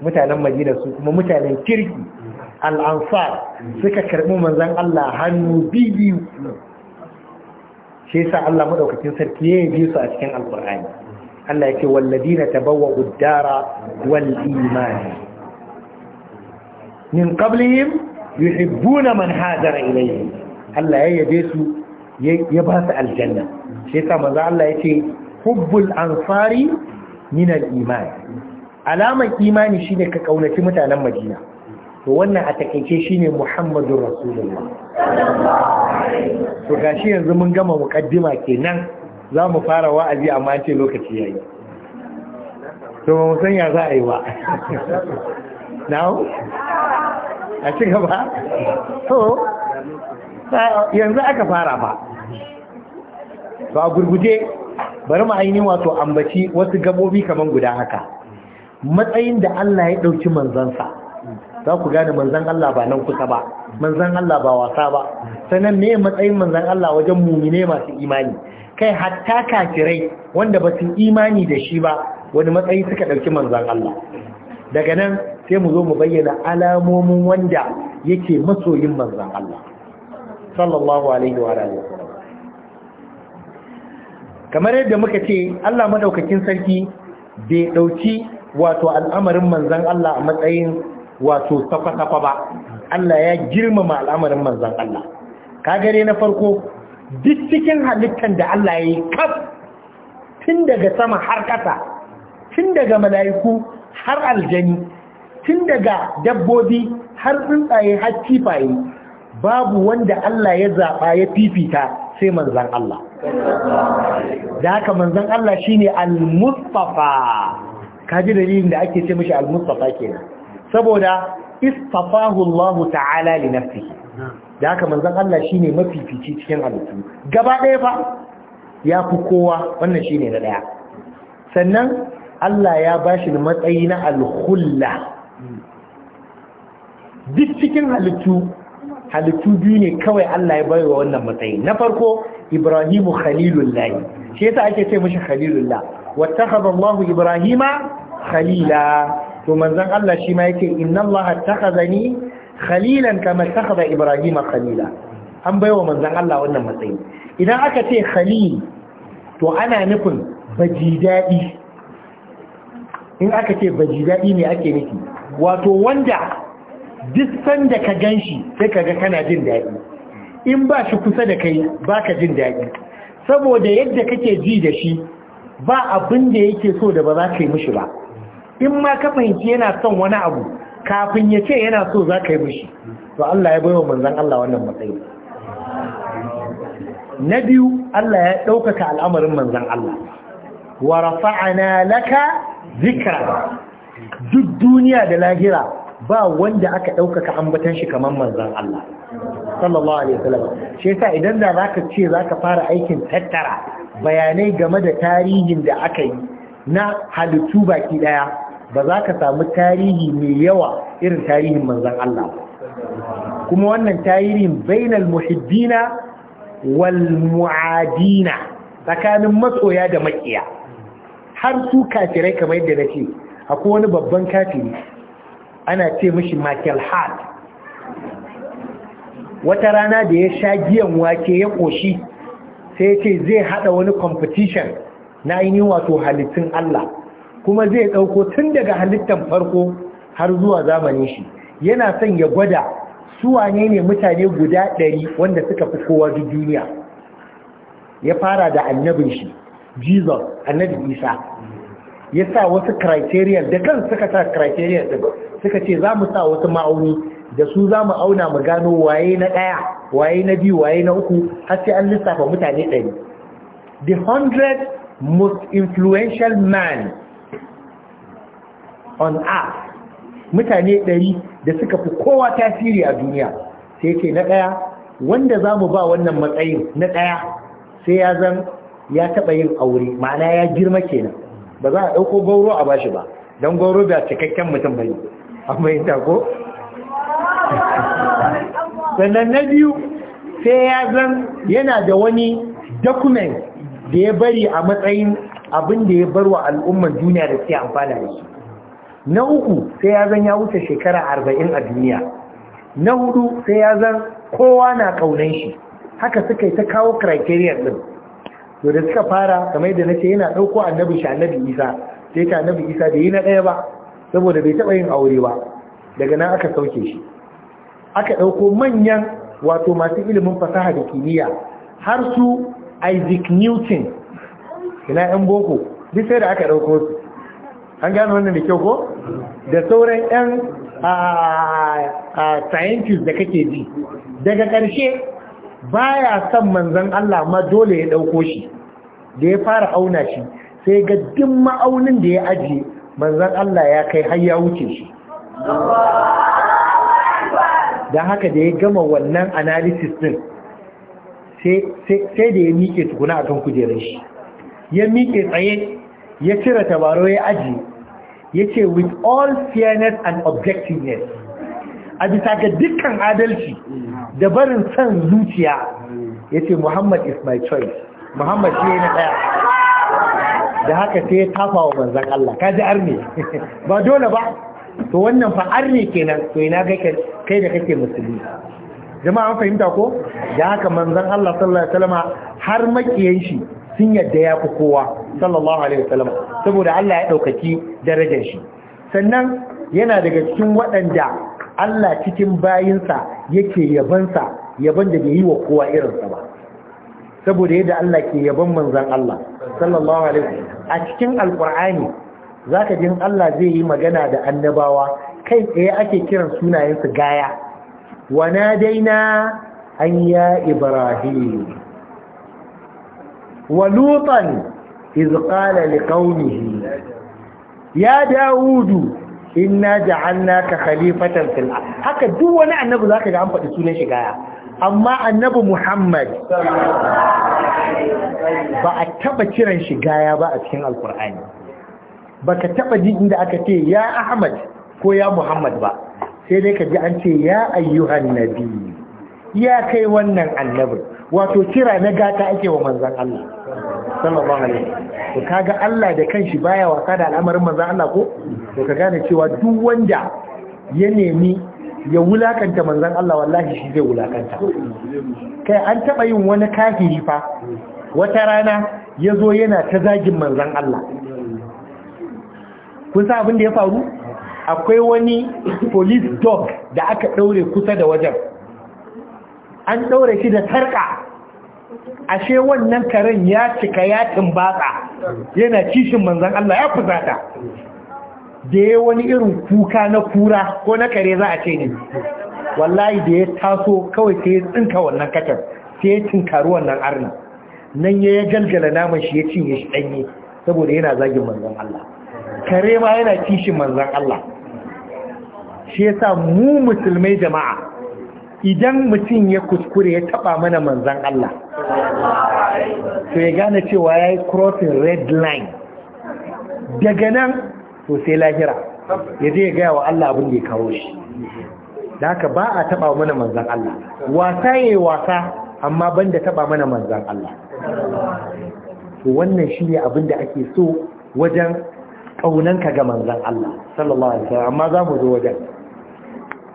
mutanen Madina su kuma mutanen kirki al'ansar suka karɓi manzan Allah hannu biyu Sai sa Allah maɗaukacin sarki ya yi su a cikin alkur'ani Allah ya ce walladina bawa uddara wal imani. min qablihim yuhibbuna man hajara ilayhim Allah ya yabe su ya ba su aljanna shi yasa maza Allah ya ce, hubbul ansari min al-iman alaman imani shine ka kaunaci mutanen Madina to wannan a takeice shine Muhammadur Rasulullah to gashi yanzu mun gama mukaddima kenan za mu fara wa'azi amma ce lokaci yayi to mu san za a yi ba now a ci gaba to yanzu aka fara ba ba gurguje bari mu ainihin wato ambaci wasu gabobi kamar guda haka matsayin da Allah ya ɗauki manzansa za ku gane manzan Allah ba nan kusa ba manzan Allah ba wasa ba sannan ne matsayin manzan Allah wajen mumine masu imani kai hatta kafirai wanda ba su imani da shi ba wani matsayi suka ɗauki manzan Allah daga nan sai mu zo mu bayyana alamomin wanda yake masoyin manzan Allah sallallahu alaihi wa alihi kamar yadda muka ce Allah madaukakin sarki bai dauki wato al'amarin manzon Allah a matsayin wato safa-safa ba Allah ya girmama al'amarin manzon Allah kagare na farko duk cikin halittar da Allah ya yi kaf tun daga sama har ƙasa tun daga mala'iku har aljani tun daga dabbobi har tsuntsaye har kifaye babu wanda Allah ya zaɓa ya fifita sai manzan Allah da haka manzan Allah shine al-mustafa kaji dalilin da ake ce mashi al-mustafa kenan saboda istafahu Allah ta'ala li nafi. da haka manzan Allah shine mafifici cikin halittu gaba ɗaya ba ya fi kowa wannan shine na ɗaya sannan Allah ya ba bashi matsayi na al hulla duk cikin halittu halittu biyu ne kawai Allah ya bai wa wannan matsayi na farko Ibrahimu khalilullahi shi yasa ake ce mishi khalilullah wattakhadha Allah Ibrahima khalila to manzon Allah shi ma yake inna Allah attakhadhani khalilan kama attakhadha Ibrahima khalila an bai wa manzon Allah wannan matsayi idan aka ce khalil to ana nufin bajidaɗi. in aka ce baji ne ake nufi wato wanda duk sanda ka gan shi sai ka ga kana jin daɗi in ba shi kusa da kai ba ka jin daɗi saboda yadda kake ji da shi ba abin da yake so da ba za ka yi mishi ba in ma ka fahimci yana son wani abu kafin ya ce yana so za ka yi mishi to Allah ya bai wa manzan Allah wannan matsayi na biyu Allah ya ɗaukaka al'amarin manzan Allah wa rafa'ana laka zikra duk duniya da lahira ba wanda aka ɗaukaka ambatan shi kamar manzon Allah sallallahu alaihi wasallam shi yasa idan da zaka ce zaka fara aikin tattara bayanai game da tarihin da aka yi na halittu baki daya ba za ka samu tarihi mai yawa irin tarihin manzon Allah kuma wannan tarihin bainal muhiddina wal mu'adina tsakanin masoya da makiya har su kafirai kamar yadda nace akwai wani babban kafiri ana ce mashi Michael Hart wata rana da ya sha giyan wake ya ƙoshi, sai ya ce zai hada wani competition na ainihin wato halittun Allah kuma zai ɗauko tun daga halittan farko har zuwa zamanin shi yana son ya gwada su wane ne mutane guda ɗari wanda suka fi kowa duniya ya fara da annabin shi Jesus annabi Isa ya sa wasu criteria da kan suka sa criteria din suka ce za mu sa wasu ma'auni da su za mu auna mu gano waye na ɗaya waye na biyu waye na uku har sai an lissafa mutane ɗari the hundred most influential man on earth mutane ɗari da suka fi kowa tasiri a duniya sai ce na ɗaya wanda za mu ba wannan matsayin na ɗaya sai ya zan ya taɓa yin aure ma'ana ya girma kenan ba za a ɗauko gauro a bashi ba don gauro ba cikakken mutum bai amma yin ko? sannan na biyu sai ya zan yana da wani document da ya bari a matsayin abin da ya barwa al'umman duniya da suke amfana da shi na uku sai ya zan ya wuce shekara arba'in a duniya na hudu sai ya zan kowa na ƙaunan shi haka suka yi ta kawo criteria ɗin to da suka fara kamar yadda nace yana dauko annabi shi annabi Isa sai ta annabi Isa bai yi na daya ba saboda bai taba yin aure ba daga nan aka sauke shi aka dauko manyan wato masu ilimin fasaha da kimiyya har su Isaac Newton ina yan boko duk sai da aka dauko su an gano wannan da kyau ko da sauran yan a ah, ah, scientist da kake ji daga ƙarshe Ba ya son manzan Allah ma dole ya ɗauko shi da ya fara auna shi sai ga ma'aunin da ya ajiye manzan Allah ya kai har ya wuce shi da haka da ya gama wannan analysis din sai da ya miƙe tukuna akan kujerar shi ya miƙe tsaye ya cire tabaro ya ajiye ya ce with all fairness and objectiveness a bisa ga dukkan adalci da barin son zuciya ya ce muhammad is my choice muhammad shi na ɗaya da haka sai ya tafa wa manzan Allah ka ji arne ba dole ba to wannan fa arne kenan to ina kai da kake musulmi jama'a an fahimta ko da haka manzan Allah sallallahu alaihi wasallam har makiyan shi sun yadda ya fi kowa sallallahu alaihi wasallam saboda Allah ya ɗaukaki darajar shi sannan yana daga cikin waɗanda Allah cikin bayinsa yake yabansa yaban da bai yi wa kowa irinsa ba saboda yadda Allah ke yaban manzan Allah sallallahu alaihi a cikin alqur'ani zaka jin Allah zai yi magana da annabawa kai tsaye ake kiran sunayensu gaya wa nadaina an ya ibrahim wa lutan iz qala liqaumihi ya daudu inna ja'alnaka khalifatan fil ardh haka duk wani annabi zaka ga an faɗi sunan shi gaya amma annabi Muhammad ba a taba kiran shi gaya ba a cikin alkur'ani baka taba ji inda aka ce ya Ahmad ko ya Muhammad ba sai dai ka ji an ce ya ayyuhan nabi ya kai wannan annabi wato kira na gata ake wa manzon Allah sallallahu alaihi to kaga Allah da kanshi baya wasa da al'amarin manzon Allah ko to ka gane cewa duk wanda ya nemi ya wulakanta manzon Allah wallahi shi zai wulakanta kai an taba yin wani kafiri fa wata rana yazo yana ta zagin manzon Allah kun sa abin da ya faru akwai wani police dog da aka daure kusa da wajen an daure shi da sarka ashe wannan karen ya cika ya batsa, yana kishin manzan Allah ya fusata da ya wani irin kuka na kura ko na kare za a ce ne wallahi da ya taso kawai sai ya tsinka wannan katar sai ya tinkaru wannan arna. nan ya ya galgala naman shi ya cinye shi danye saboda yana zagin manzan Allah kare ma yana kishin manzan Allah shi ya sa mu musulmai jama'a idan mutum ya kuskure ya taba mana manzan Allah to ya gane cewa ya yi crossing red line daga nan to sai lahira ya je ya gaya wa Allah abin da ya kawo shi da haka ba a taba mana manzan Allah wasa ya yi wasa amma ban da taba mana manzan Allah to wannan shi ne abin da ake so wajen ƙaunanka ga manzan Allah sallallahu alaihi wasallam amma za mu zo wajen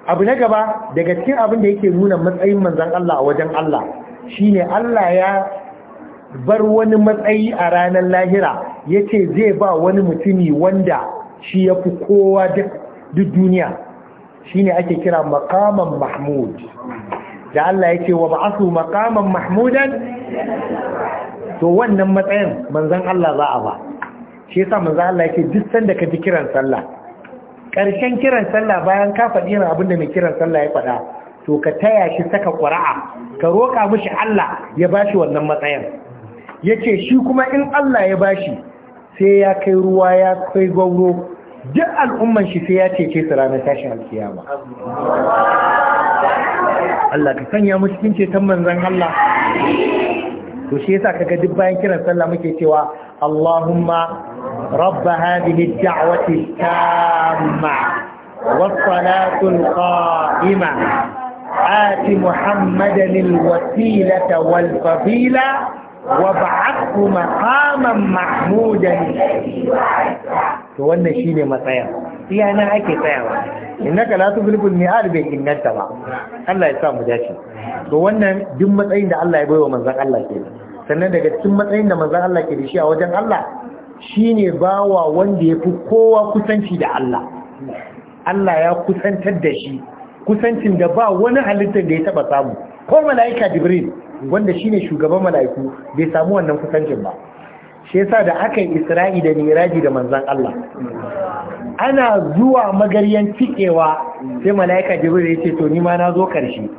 abu na gaba daga cikin abin da yake nuna matsayin manzan Allah a wajen Allah shi ne Allah ya bar wani matsayi a ranar lahira ya ce zai ba wani mutumi wanda shi ya fi kowa duk duniya shi ne ake kira makaman mahmud da Allah ya ce wa su makaman mahmudan to wannan matsayin manzan Allah za a ba shi sa manzan Allah ya ce duk sanda ka ji kiran sallah ƙarshen kiran sallah bayan ka faɗi yana abinda mai kiran sallah ya faɗa to ka taya shi saka ƙura'a ka roƙa mishi Allah ya bashi wannan matsayin yace shi kuma in Allah ya bashi sai ya kai ruwa ya kai gauro duk al'umman shi sai ya cece su ranar tashin alkiyama Allah ka sanya mu cikin ceton manzon Allah to shi yasa kaga duk bayan kiran sallah muke cewa اللهم رب هذه الدعوة التامة والصلاة القائمة آت محمدا الوسيلة والفضيلة وابعثه مقاما محمودا to wannan shine matsaya iya nan ake tsayawa Inna la tughlibu al-mi'ad bi innaka ba Allah ya sa mu dace to wannan duk matsayin da Allah ya baiwa manzon Allah kenan sannan daga cikin matsayin da manzan Allah ke da shi a wajen Allah shi shine bawa wanda ya fi kowa kusanci da Allah Allah ya kusantar da shi kusancin da ba wani halittar da ya taba samu ko mala'ika jibril wanda shi ne shugaban mala'iku bai samu wannan kusancin ba shi yasa da aka yi isra'i da miraji da manzan Allah ana zuwa magaryan cikewa sai mala'ika jibril ya ce to ni ma na zo karshe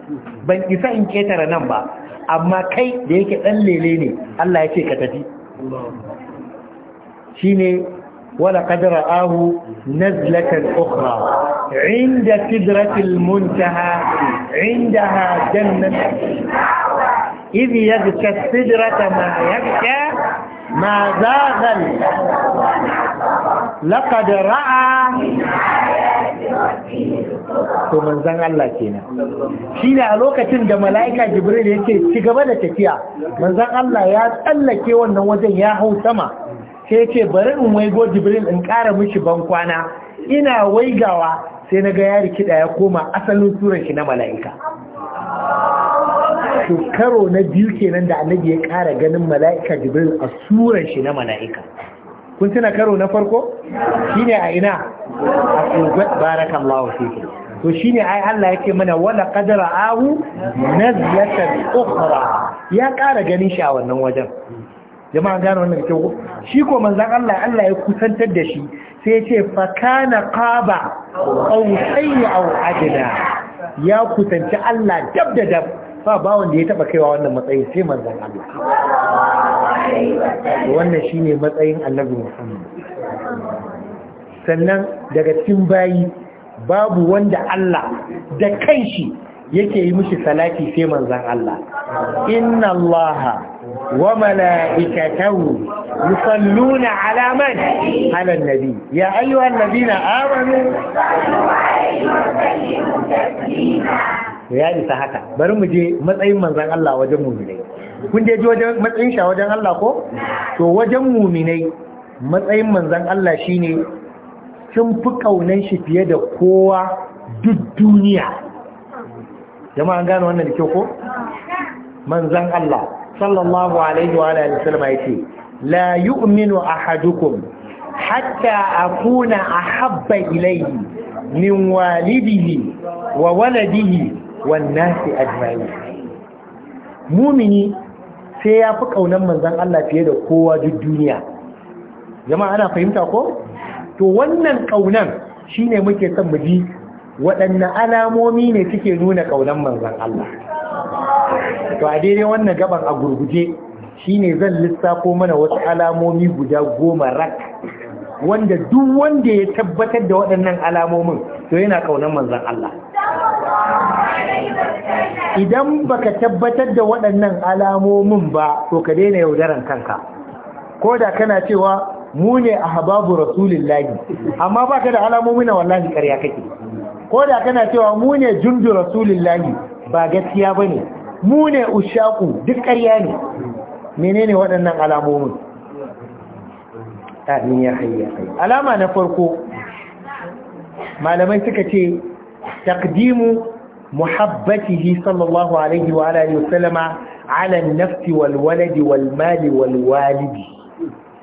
ban isa in ketare nan ba amma kai da yake dan lele ne Allah ya ce ka tafi shine wala qadara ahu nazlatan ukhra inda sidratil muntaha indaha jannat idh yaghsha sidrata ma yaghsha ma zaghal laqad ra'a to manzan Allah Shi shine a lokacin da malaika jibril ya ce, ci gaba da tafiya Manzan Allah ya tsallake wannan wajen ya hau sama sai ce bari in waigo jibril in ƙara mishi bankwana ina waigawa sai na ga ya rikida ya koma asalin turan shi na mala'ika karo na biyu kenan da annabi ya ƙara ganin mala'ika jibril a turan shi na mala'ika kun tuna karo na farko shine a ina a kubat barakallahu fiki to shine ai Allah yake mana wala qadara ahu nazlatan ukhra ya kara ganin shi a wannan wajen jama'a gano wannan kyau shi ko manzon Allah Allah ya kusantar da shi sai ya ce fa kana qaba aw sayyi aw adna ya kusanci Allah dab da dab ba bawanda ya ya taba kaiwa wannan matsayi sai manzon Allah wannan ne matsayin annabi muhammad sannan daga cikin bayi babu wanda Allah da kanshi yake yi mishi salati sai manzan Allah inna allaha wa malaikatahu yusalluna ala man ala nabi ya ayyuhan nabina amanu ya isa haka bari mu je matsayin manzon Allah wajen mu ne kun je wajen matsayin shi wajen Allah ko to wajen muminai matsayin manzon Allah shine kin fi kaunan shi fiye da kowa duk duniya jama'a an wannan da kyau ko manzon Allah sallallahu alaihi wa alihi wasallam yace la yu'minu ahadukum hatta akuna ahabba ilayhi min walidihi wa waladihi wan nasi ajma'in mumini sai ya fi ƙaunar manzan Allah fiye da kowa duk duniya Zama ana fahimta ko to wannan ƙaunar shi ne muke son muji ji waɗanne alamomi ne suke nuna ƙaunar manzan Allah to a daidai wannan gaban a gurguje ne zan lissafo mana wasu alamomi guda goma rak wanda duk wanda ya tabbatar da waɗannan alamomin to yana kaunar manzon Allah idan baka tabbatar da waɗannan alamomin ba to ka daina yaudaran kanka ko da kana cewa mu ne ahbabu rasulillahi amma baka da alamomin wallahi ƙarya kake ko da kana cewa mu ne jundu rasulillahi ba gaskiya bane mu ne ushaku duk ƙarya ne menene waɗannan alamomin ya alama na farko malamai suka ce takdimu muhabbatihi sallallahu alaihi wa alihi wa sallama ala nafsi wal waladi wal mali wal walidi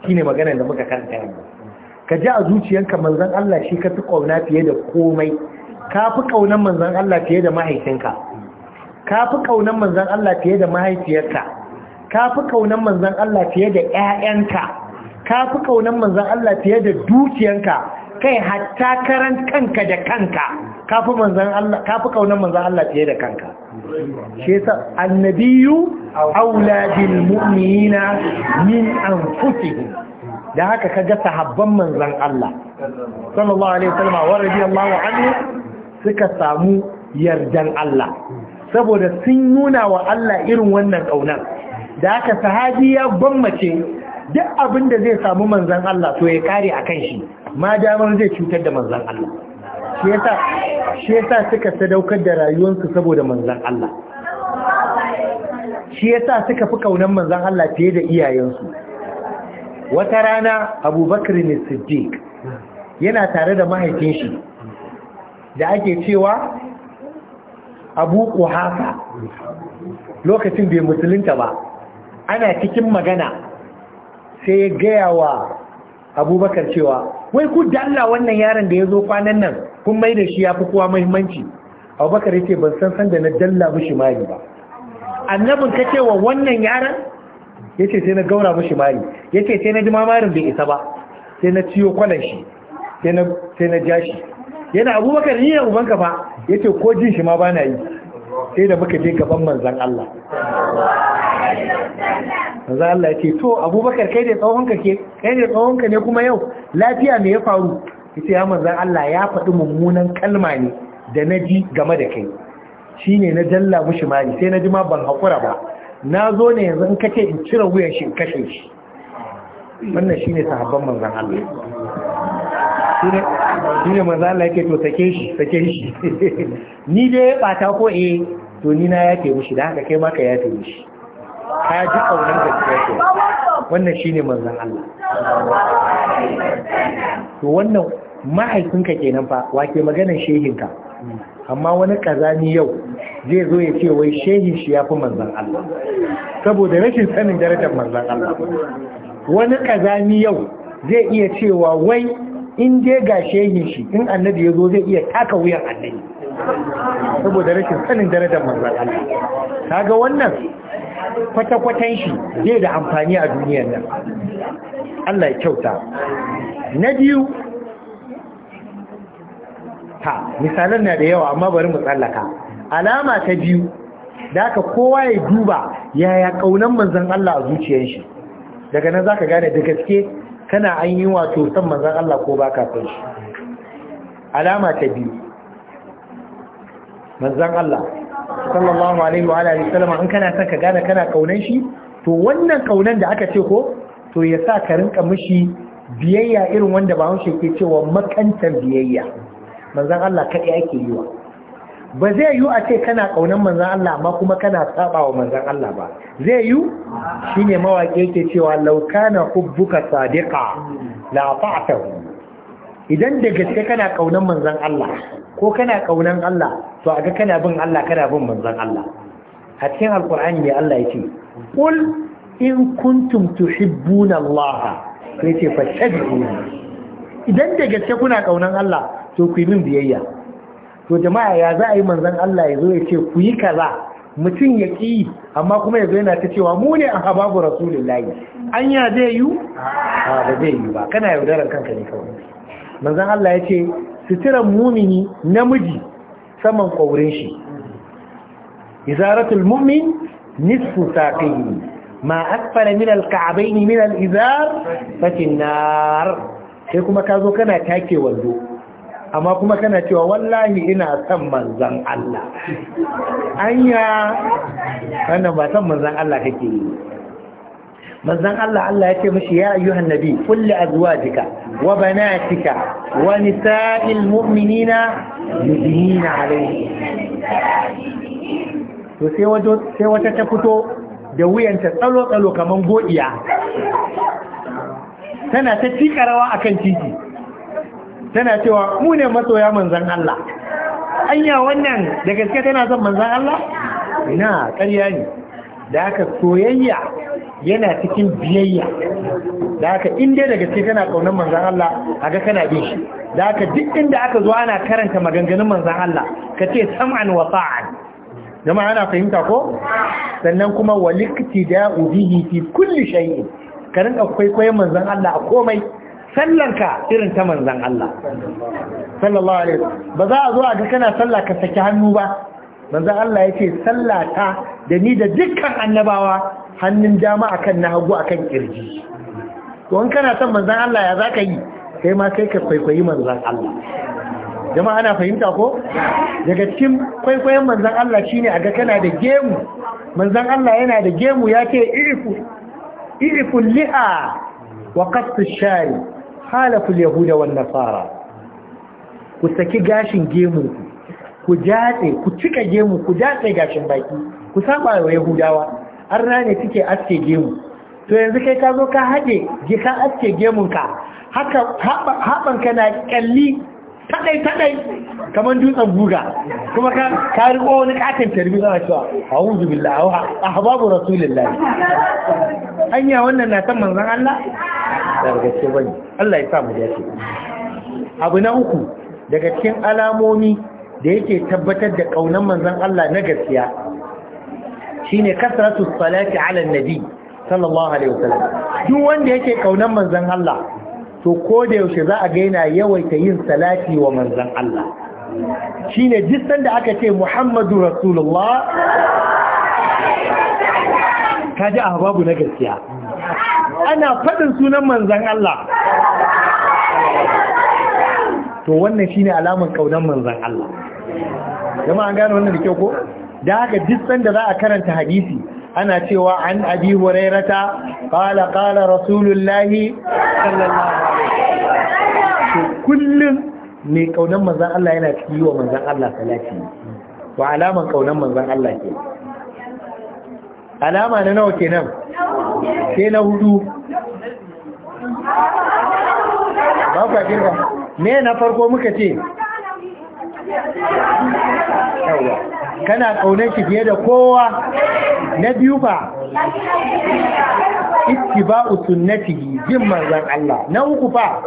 shine magana da muka karanta yanzu ka ji a zuciyanka manzon Allah shi ka fi kauna fiye da komai ka fi kaunan manzon Allah fiye da mahaifinka ka fi kaunan manzon Allah fiye da mahaifiyarka ka fi kaunan manzon Allah fiye da ƴaƴanka ka fi kaunan manzan Allah fiye da dukiyanka kai hatta karan kanka da kanka ka fi kaunan manzan Allah fiye da kanka shi yasa annabiyu aula mu'minina min anfusihim da haka ka gasa sahabban manzan Allah sallallahu alaihi wasallam wa radiyallahu anhu suka samu yardan Allah saboda sun nuna wa Allah irin wannan ƙaunar. da haka sahabi ya gwammace duk abin da zai samu manzan Allah to ya kare a kan shi ma damar zai cutar da manzan Allah shi yasa suka sadaukar da rayuwarsu saboda manzan Allah shi yasa suka fi kaunan manzan Allah fiye da iyayensu wata rana abubakar ne siddiq yana tare da mahaifin shi da ake cewa abu kuhasa lokacin bai musulunta ba ana cikin magana sai ya gaya wa abubakar cewa wai ku da Allah wannan yaron da ya zo kwanan nan kun mai da shi ya fi kowa muhimmanci abubakar ya ce ban san san da na dalla mishi mali ba annabin ka ce wa wannan yaron ya ce sai na gaura mishi mali ya ce sai na ji mamarin bai isa ba sai na ciyo kwanan shi sai na ja shi yana abubakar ni ya ubanka ba ya ce ko jin shi ma ba na yi sai da muka je gaban manzan Allah manzan Allah ya ce to abubakar kai da tsohonka ke kai da tsohonka ne kuma yau lafiya me ya faru ita ya manzan Allah ya faɗi mummunan kalma ne da na ji game da kai shi ne na jalla mushi mari sai na ji ma ban haƙura ba na zo ne yanzu in kace in cire wuyan shi in kashe shi wannan shi ne sahabban manzan Allah shi ne manzo Allah yake to sake shi sake shi ni dai ya bata ko eh to ni na yake mushi da haka kai ma ka yafe mushi ka ji kaunar da kake yafe wannan shine manzon Allah to wannan mahaifinka kenan fa wake maganar ka? amma wani kazani yau zai zo ya ce wai shehin shi yafi manzon Allah saboda rashin sanin darajar manzon Allah wani kazani yau zai iya cewa wai in je ga shi in annabi ya zo zai iya taka wuyan annabi saboda rashin sanin darajar manzan Allah kaga wannan kwata-kwatan shi zai da amfani a duniyar nan Allah ya kyauta na biyu ta misalan na da yawa amma bari mu tsallaka alama ta biyu da aka kowa ya duba yaya kaunan manzan Allah a zuciyar shi daga nan zaka gane da gaske kana an yi wato san manzan Allah ko ba ka san shi alama ta biyu manzan Allah sallallahu alaihi wa alihi wasallam in kana son ka gane kana kaunan shi to wannan kaunan da aka ce ko to ya sa ka rinka mishi biyayya irin wanda ba haushe ke cewa makantar biyayya manzan Allah kaɗai ake yi wa ba zai yi a ce kana ƙaunar manzan Allah amma kuma kana saba wa manzan Allah ba zai yi shi ne mawaƙi yake cewa laukana hubbuka sadiqa la fa'tahu idan da gaske kana ƙaunar manzan Allah ko kana ƙaunar Allah to a ga kana bin Allah kana bin manzan Allah a cikin alƙur'ani ne Allah ya ce qul in kuntum tuhibbuna Allah sai ce fattabi'uni idan da gaske kuna ƙaunar Allah to ku yi min biyayya to jama'a ya za a yi manzan Allah ya zo ya ce ku yi kaza mutum ya ƙi amma kuma ya zo yana ta cewa mu ne a hababu rasulullahi an ya zai yi a ba zai yi ba kana yaudarar kanka ne kawai manzan Allah ya ce suturan mumini namiji saman ƙaurin shi izaratul mumin nisfu saqihi ma asfala min al-ka'bayn min al-izar fatin nar sai kuma ka zo kana take wando amma kuma kana cewa wallahi ina son manzan Allah anya wannan ba son manzan Allah kake yi manzan Allah Allah ya ce mashi ya ayyuhan nabi kulli azwajika wa banatika wa nisa'il mu'minina yudhina alayhi to sai wato sai wata ta fito da wuyanta tsalo tsalo kaman godiya tana ta tikarawa akan titi tana cewa mu ne masoya manzan Allah anya wannan da gaske tana son manzan Allah ina ƙarya ne da haka soyayya yana cikin biyayya da haka inda da gaske tana kaunar manzan Allah a ga kana bin shi da haka duk inda aka zo ana karanta maganganun manzan Allah ka ce sam'an wa ta'an ana fahimta ko sannan kuma walikti da ubihi fi kulli shay'in ka rinka kwaikwayon manzan Allah a komai Sallar ka irin ta manzan Allah sallallahu alaihi ba za a zo a ga kana sallah ka saki hannu ba manzan Allah yace sallata da ni da dukkan annabawa hannun dama akan na hagu akan kirji to in kana son manzan Allah ya zaka yi sai ma kai ka kwaikwayi manzan Allah jama'a ana fahimta ko daga cikin kwaikwayon manzan Allah shine a ga kana da gemu manzan Allah yana da gemu ya ce irifu irifu li'a wa qassu shari lehu yahuda wan nasara ku saki gashin gemu ku jatse ku cika gemu ku jatse gashin baki ku saba wa yahudawa na ne take aske gemu to yanzu kai ka zo ka haje ka aske gemunka, ka haka haban na kalli taɗai tadai kamar dutsen guga kuma ka riko wani katin tarbi zama cewa a'udhu billahi wa ahbabu hababu rasulillah hanya wannan na san manzan Allah daga ce bane Allah ya mu dace abu na uku daga cikin alamomi da yake tabbatar da kaunan manzan Allah na gaskiya shine kasratu salati ala nabi sallallahu alaihi wasallam duk wanda yake kaunan manzan Allah to ko da yaushe za a gaina yawaita yin salati wa manzon Allah shine duk da aka ce Muhammadu Rasulullah ji ahbabu na gaskiya ana faɗin sunan manzon Allah to wannan shine alaman kaunan manzon Allah jama'a an gane wannan da kyau ko da haka duk da za a karanta hadisi ana cewa an abi hurairata qala qala rasulullahi sallallahu alaihi kullum mai kaunan manzan Allah yana ciki wa manzan Allah salati wa alaman kaunan manzan Allah ke alama na nawa kenan sai na hudu ba ku ne na farko muka ce kana kaunar shi fiye da kowa na biyu ba na sunnatihi jin manzan Allah na uku fa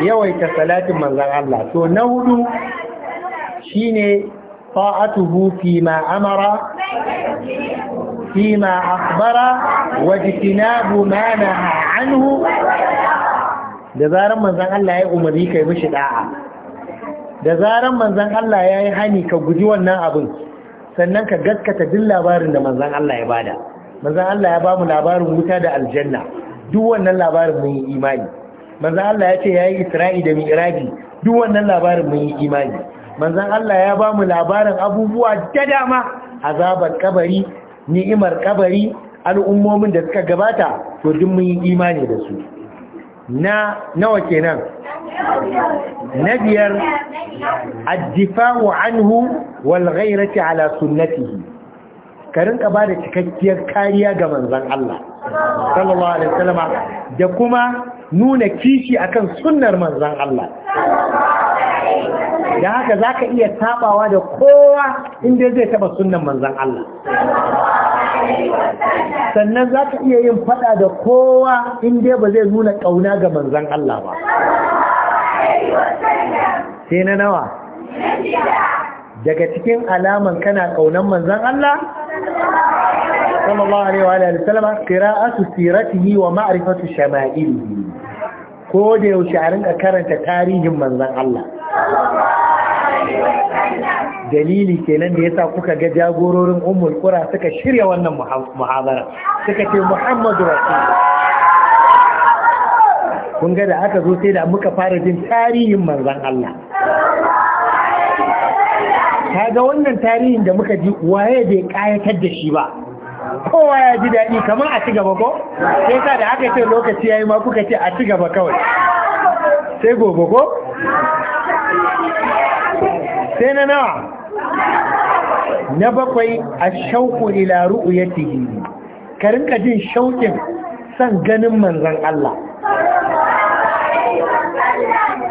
yawaita salatin manzan Allah to na hudu shine ta'atuhu fi ma amara fi ma akhbara wa jitinabu ma anhu da zarar manzon Allah ya umarni kai mashi da'a da zaran manzan Allah ya yi hani ka guji wannan abin sannan ka gaskata duk labarin da manzan Allah ya bada manzan Allah ya bamu labarin wuta da aljanna duk wannan labarin mun yi imani manzan Allah ya ce ya yi isra'i da mi'raji duk wannan labarin mun yi imani manzan Allah ya bamu labarin abubuwa da dama azabar kabari ni'imar kabari al'ummomin da suka gabata to duk mun yi imani da su na nawa kenan na biyar addifa'u anhu wal ala sunnatihi ka rinƙa ba da cikakkiyar kariya ga manzon Allah sallallahu alaihi wasallam da kuma nuna kishi akan sunnar manzon Allah da haka za ka iya tabawa da kowa inda zai taba sunan manzan Allah sannan za ka iya yin fada da kowa inda ba zai nuna ƙauna ga manzan Allah ba sai na nawa daga cikin alaman kana ƙaunan manzan Allah sallallahu alaihi wa alihi wasallama qira'atu siratihi wa ma'rifatu shama'ilihi ko da yaushe a rinka karanta tarihin manzan Allah dalili kenan da yasa kuka ga jagororin ummul qura suka shirya wannan muhabara suka ce muhammadu rasulullah kun ga da aka zo sai da muka fara jin tarihin manzon Allah ga wannan tarihin da muka ji waye bai kayatar da shi ba kowa ya ji daɗi kamar a cigaba gaba ko sai sa da aka ce lokaci yayi ma kuka ce a cigaba gaba kawai sai gobe ko sai na nawa na bakwai a shauku ila ru'yatihi ka rinka jin shaukin san ganin Manzan Allah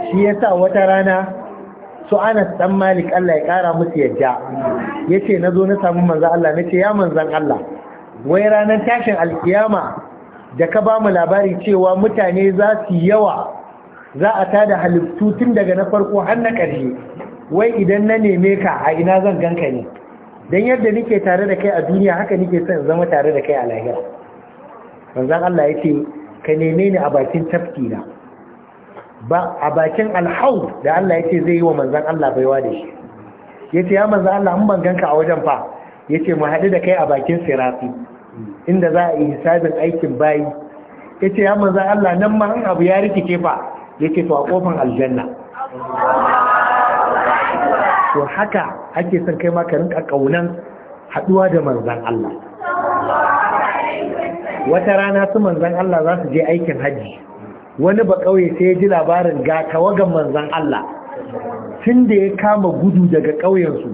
shi ya sa wata rana su ana dan Malik Allah ya kara musu yadda ya ce na zo na samun manzan Allah na ce ya Manzan Allah wai ranar tashin alkiyama da ka ba mu labari cewa mutane za su yawa za a tada halittu tun daga na farko har na ƙarshe wai idan na neme ka a ina zan ganka ne don yadda nike tare da kai a duniya haka nike son zama tare da kai a lahira Wanzan Allah ya ce ka neme ni a bakin tafki na ba a bakin alhaud da Allah ya ce zai yi wa manzan Allah baiwa da shi ya ce ya manzan Allah an banganka a wajen fa ya ce mu haɗu da kai a bakin sirafi inda za a yi hisabin aikin bayi ya ce ya manzan Allah nan ma an abu ya rikice fa ya ce to a kofin aljanna to haka ake son kai ma ka rinka kaunan haduwa da manzan Allah wata rana su manzan Allah za su je aikin hajji wani ba kauye sai ya ji labarin ga tawagan manzan Allah tun da ya kama gudu daga ƙauyensu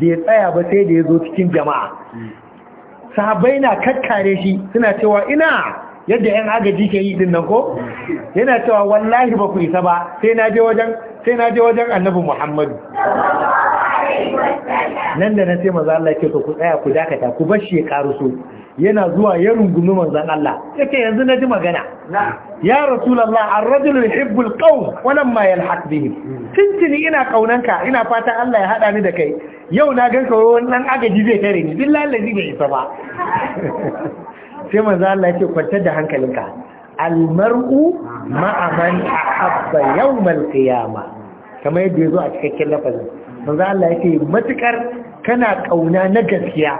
da ya tsaya ba sai da ya zo cikin jama'a Sahabai na kakkare shi suna cewa ina yadda 'yan agaji ke yi dinnan ko yana cewa wallahi ba ku isa ba sai na je wajen sai na je wajen annabi muhammadu nan da na sai maza Allah ke ku tsaya ku dakata ku bashi ya ya karuso yana zuwa ya rungumi manzan Allah yake yanzu na ji magana ya rasulullah ar-rajulu yuhibbu al-qawm wa lamma yalhaq tintini ina kaunanka ina fatan Allah ya hada ni da kai yau na ganka wani dan agaji zai tare ni billahi lazi bai isa ba sai manzan Allah ce kwantar da hankalinka al-mar'u ma'a man ahabba yawm qiyamah kamar yadda ya zo a cikakken lafazin manzo Allah yake matukar kana kauna na gaskiya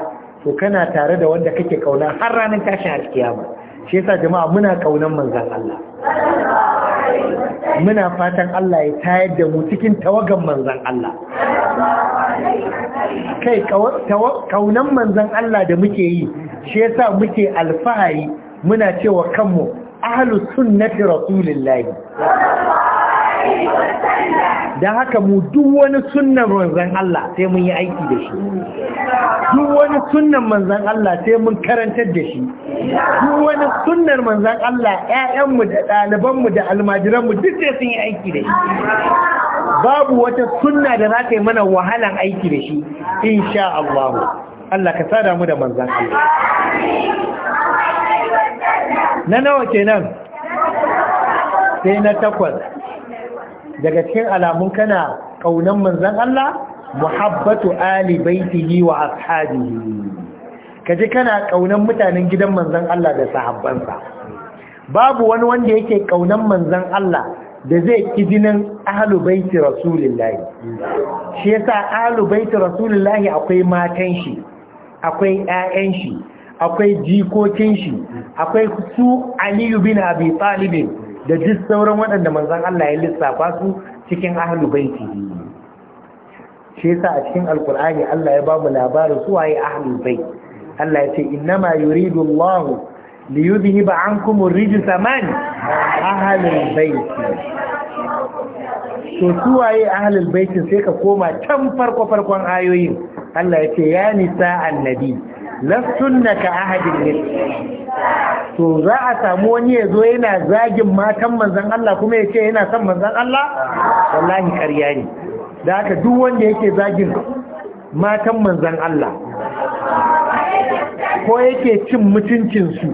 to kana tare da wanda kake kauna har ranar tashin alkiyama shi yasa jama'a muna kaunan manzan Allah muna fatan Allah ya tayar da mu cikin tawagan manzon Allah kai kaunan manzan Allah da muke yi shi yasa muke alfahari muna cewa kanmu ahlus sunnati rasulillahi da haka mu duk wani sunan manzan Allah sai mun yi aiki da shi duk wani sunan manzan Allah sai mun karantar da shi duk wani sunan manzan Allah ƴaƴanmu da ɗalibanmu da almajiranmu duk sai sun yi aiki da shi babu wata sunna da za ta yi mana wahalan aiki da shi insha Allah Allah ka sada mu da manzan Allah na nawa kenan sai na takwas daga cikin alamun kana kaunan manzon Allah muhabbatu ali baitihi wa ashabihi kaje kana kaunan mutanen gidan manzon Allah da sahabbansa babu wani wanda yake kaunan manzon Allah da zai ƙi ahlul ahlu baiti rasulillahi shi yasa ahlu baiti rasulullahi akwai matan shi akwai ƴaƴan shi akwai jikokin shi akwai su aliyu bin abi talibin da duk sauran waɗanda manzan Allah ya lissafa su cikin ahlul baiti shi yasa a cikin alkur'ani Allah ya bamu labarin su waye ahlul bait Allah ya ce innama yuridu Allah li yudhhiba ankum ar-rijsa man ahlul bait to su waye ahlul bait sai ka koma can farko farkon ayoyin Allah ya ce ya nisa annabi lastunna ka ahadin min to za a samu wani ya zo yana zagin matan manzan Allah kuma ya ce yana son manzan Allah wallahi ƙarya ne da haka duk wanda yake zagin matan manzan Allah ko yake cin mutuncinsu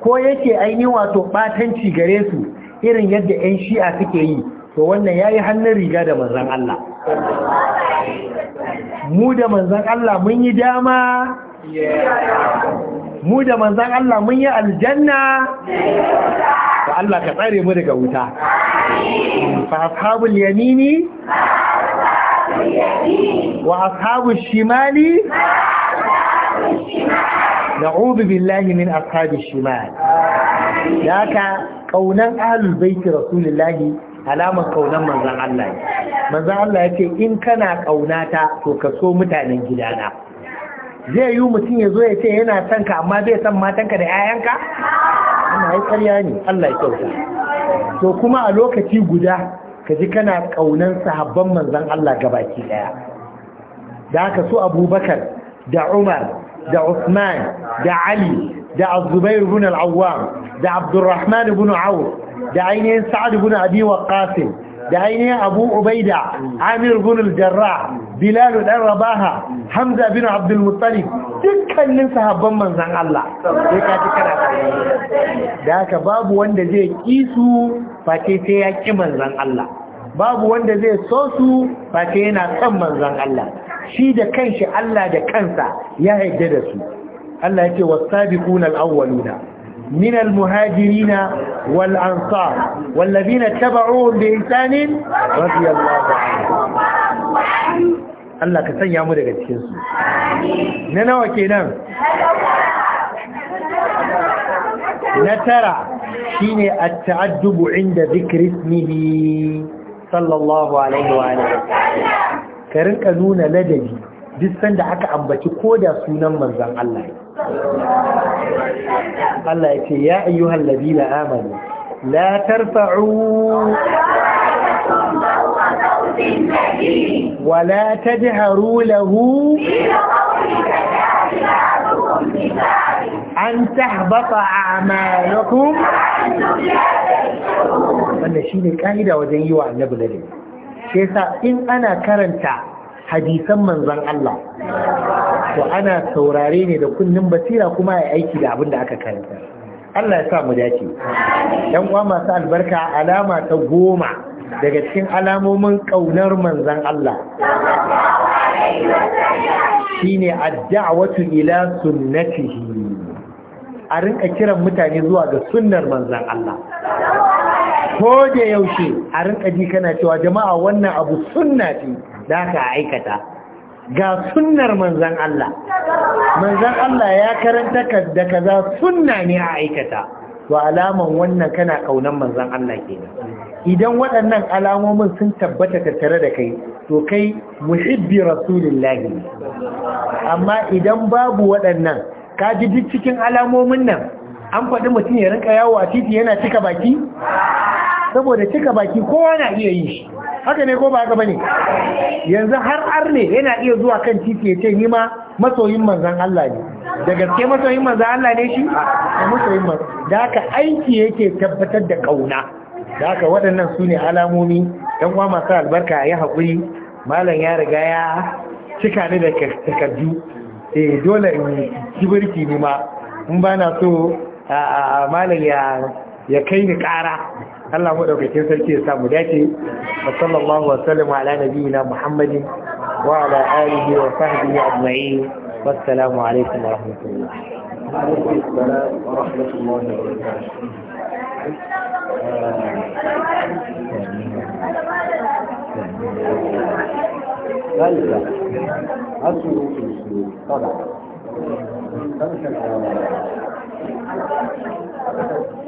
ko yake aini wato batanci gare su irin yadda 'yan shi'a suke yi to wannan ya yi hannun riga da manzan Allah mu da manzan Allah mun yi dama mu da manzan Allah mun yi aljanna da Allah ka tsare mu daga wuta fa ashabul yamini wa ashabul shimali na'udhu billahi min ashabish shimal daka kaunan ahlul baiti rasulullahi alamar kaunan manzan Allah manzan Allah yake in kana kaunata to ka so mutanen gidana zai yi mutum ya zo ya ce yana son ka amma zai san matanka da 'ya'yanka ana yi karya ne Allah ya kyauta to kuma a lokaci guda ka ji kana ƙaunan sahabban manzan Allah gabaki ɗaya da haka su abubakar da umar da usman da ali da azubair ibn al-awwam da abdurrahman ibn auf da ainihin sa'ad ibn abi waqqas da ainihin abu ubaida amir gunul jarra bilalu dan rabaha hamza bin abdul muttalib dukkanin sahabban manzon Allah sai ka ji kana da haka babu wanda zai kisu face sai ya ki manzon Allah babu wanda zai so su face yana son manzon Allah shi da kanshi Allah da kansa ya yarda da su Allah ya yake was-sabiquna al-awwaluna من المهاجرين والأنصار والذين اتبعوهم بإنسان رضي الله عنهم Allah ka sanya mu daga cikinsu na nawa kenan na tara shine at-ta'addubu inda dhikri ismihi sallallahu alaihi wa ka rinka nuna ladabi duk sanda aka ambaci ko da sunan manzon Allah قال لك يا أيها الذين آمنوا لا ترفعوا ولا تجهروا له أن تحبط أعمالكم أن شين الكاهدة وزيوة النبلة شيسا إن أنا كرنت حديثا من ظن الله to ana saurare ne da kunnin basira kuma ya aiki da abin da aka karanta Allah ya sa mu dace dan uwa masu albarka alama ta goma daga cikin alamomin kaunar manzon Allah shine ad'awatu watu ila sunnatihi a rinka kiran mutane zuwa ga sunnar manzon Allah ko da yaushe a rinka ji kana cewa jama'a wannan abu sunna ce da ka aikata ga sunnar manzan Allah manzan Allah ya karanta da kaza sunna ne a aikata wa alaman wannan kana kaunan manzan Allah kenan idan waɗannan alamomin sun tabbata tare da kai to kai muhibbi rasulillahi amma idan babu waɗannan ka ji duk cikin alamomin nan an faɗi mutum ya rinka yawo a titi yana cika baki saboda cika baki kowa na iya yi haka ne ko ba haka bane yanzu har arne yana iya zuwa kan titi ya ce ni ma masoyin manzan Allah ne da gaske masoyin manzan Allah ne shi a masoyin manzan da haka aiki yake tabbatar da kauna da haka waɗannan su ne alamomi don kwa masu albarka ya haƙuri malam ya riga ya cika ni da takardu eh dole in kibirki ni ma in ba na so malam ya kai ni ƙara Allah madaukakin sarki ya samu dace wa sallallahu wa sallam ala nabiyina Muhammadin wa ala alihi wa sahbihi ajma'in wassalamu alaikum wa rahmatullah wa rahmatullahi wa barakatuh Thank you.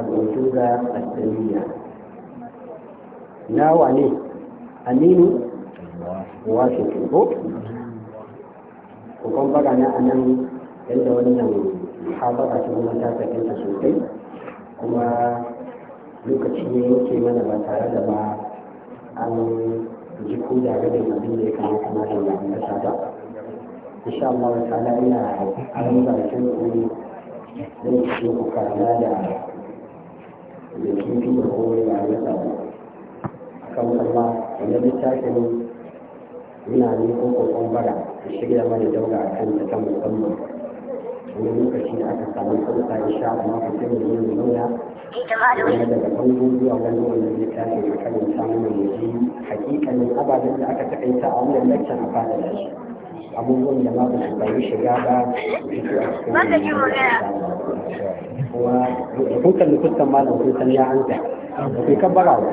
al'ujuda al-daliya na wane aminu su ko kukan baga na anan yadda wannan haɓaka ta kuma ta fahimta sosai kuma lokaci ne yake mana ba tare da ba an ji ko da gadin abin da ya kamata na da ya ba insha Allah ta'ala ina an bakin ɗin zai ce ku da da shi shi da komai ya yi samu kan kuma wanda ne? ina ne ko kokon bara shirya mana dauga a kan ta kan musamman wani lokaci da aka samu sauka ya sha amma ku sai mu yi zauna wani daga bango zuwa wani wanda littafin a kan samun mu ji hakikanin ababen da aka taƙaita a wannan lakcin a fadar shi abubuwan da ma ba su bayi shiga ba kuma kun kalli fuskan malam kun san ya an ba kai kabbara ba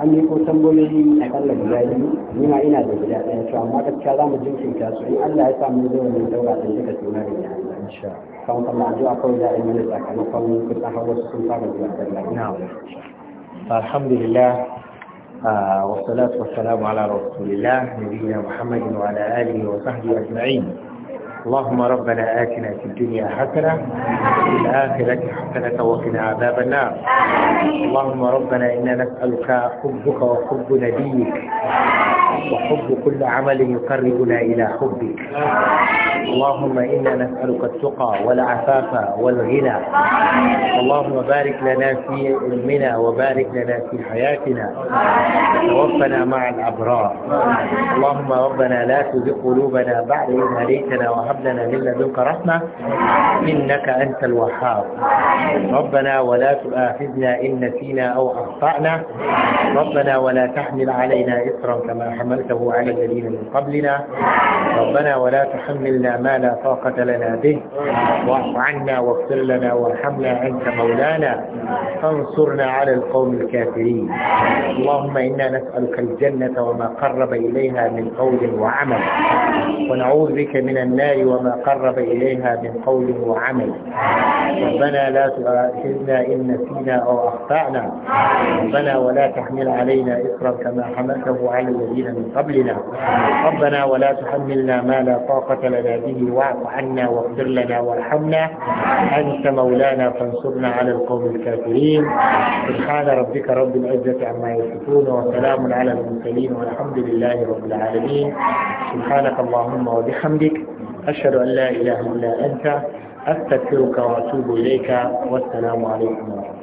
an yi ko tambayoyi a kalla guda biyu ni ma ina da guda ɗaya to amma gaskiya za mu jinkirta su in Allah ya samu zai wani daura sai duka tuna da ya insha Allah kan addu'a kawai za a yi mana sakamakon kusa hawa sun fara zuwa sallah alhamdulillah آه، والصلاة والسلام على رسول الله نبينا محمد وعلى آله وصحبه أجمعين اللهم ربنا آتنا في الدنيا حسنة وفي الآخرة حسنة وقنا عذاب النار اللهم ربنا إنا نسألك حبك وحب نبيك وحب كل عمل يقربنا إلى حبك اللهم إنا نسألك التقى والعفاف والغنى اللهم بارك لنا في علمنا وبارك لنا في حياتنا وتوفنا مع الأبرار اللهم ربنا لا تزغ قلوبنا بعد إذ هديتنا وهب لنا من لدنك رحمة إنك أنت الوهاب ربنا ولا تؤاخذنا إن نسينا أو أخطأنا ربنا ولا تحمل علينا إصرا كما حملنا حملته على الذين من قبلنا ربنا ولا تحملنا ما لا طاقة لنا به واعف عنا واغفر لنا وارحمنا أنت مولانا فانصرنا على القوم الكافرين اللهم إنا نسألك الجنة وما قرب إليها من قول وعمل ونعوذ بك من النار وما قرب إليها من قول وعمل ربنا لا تؤاخذنا إن نسينا أو أخطأنا ربنا ولا تحمل علينا إصرا كما حملته على الذين من من قبلنا ربنا ولا تحملنا ما لا طاقة لنا به واعف عنا واغفر لنا وارحمنا أنت مولانا فانصرنا على القوم الكافرين سبحان ربك رب العزة عما يصفون وسلام على المرسلين والحمد لله رب العالمين سبحانك اللهم وبحمدك أشهد أن لا إله إلا أنت أستغفرك وأتوب إليك والسلام عليكم ورحمة الله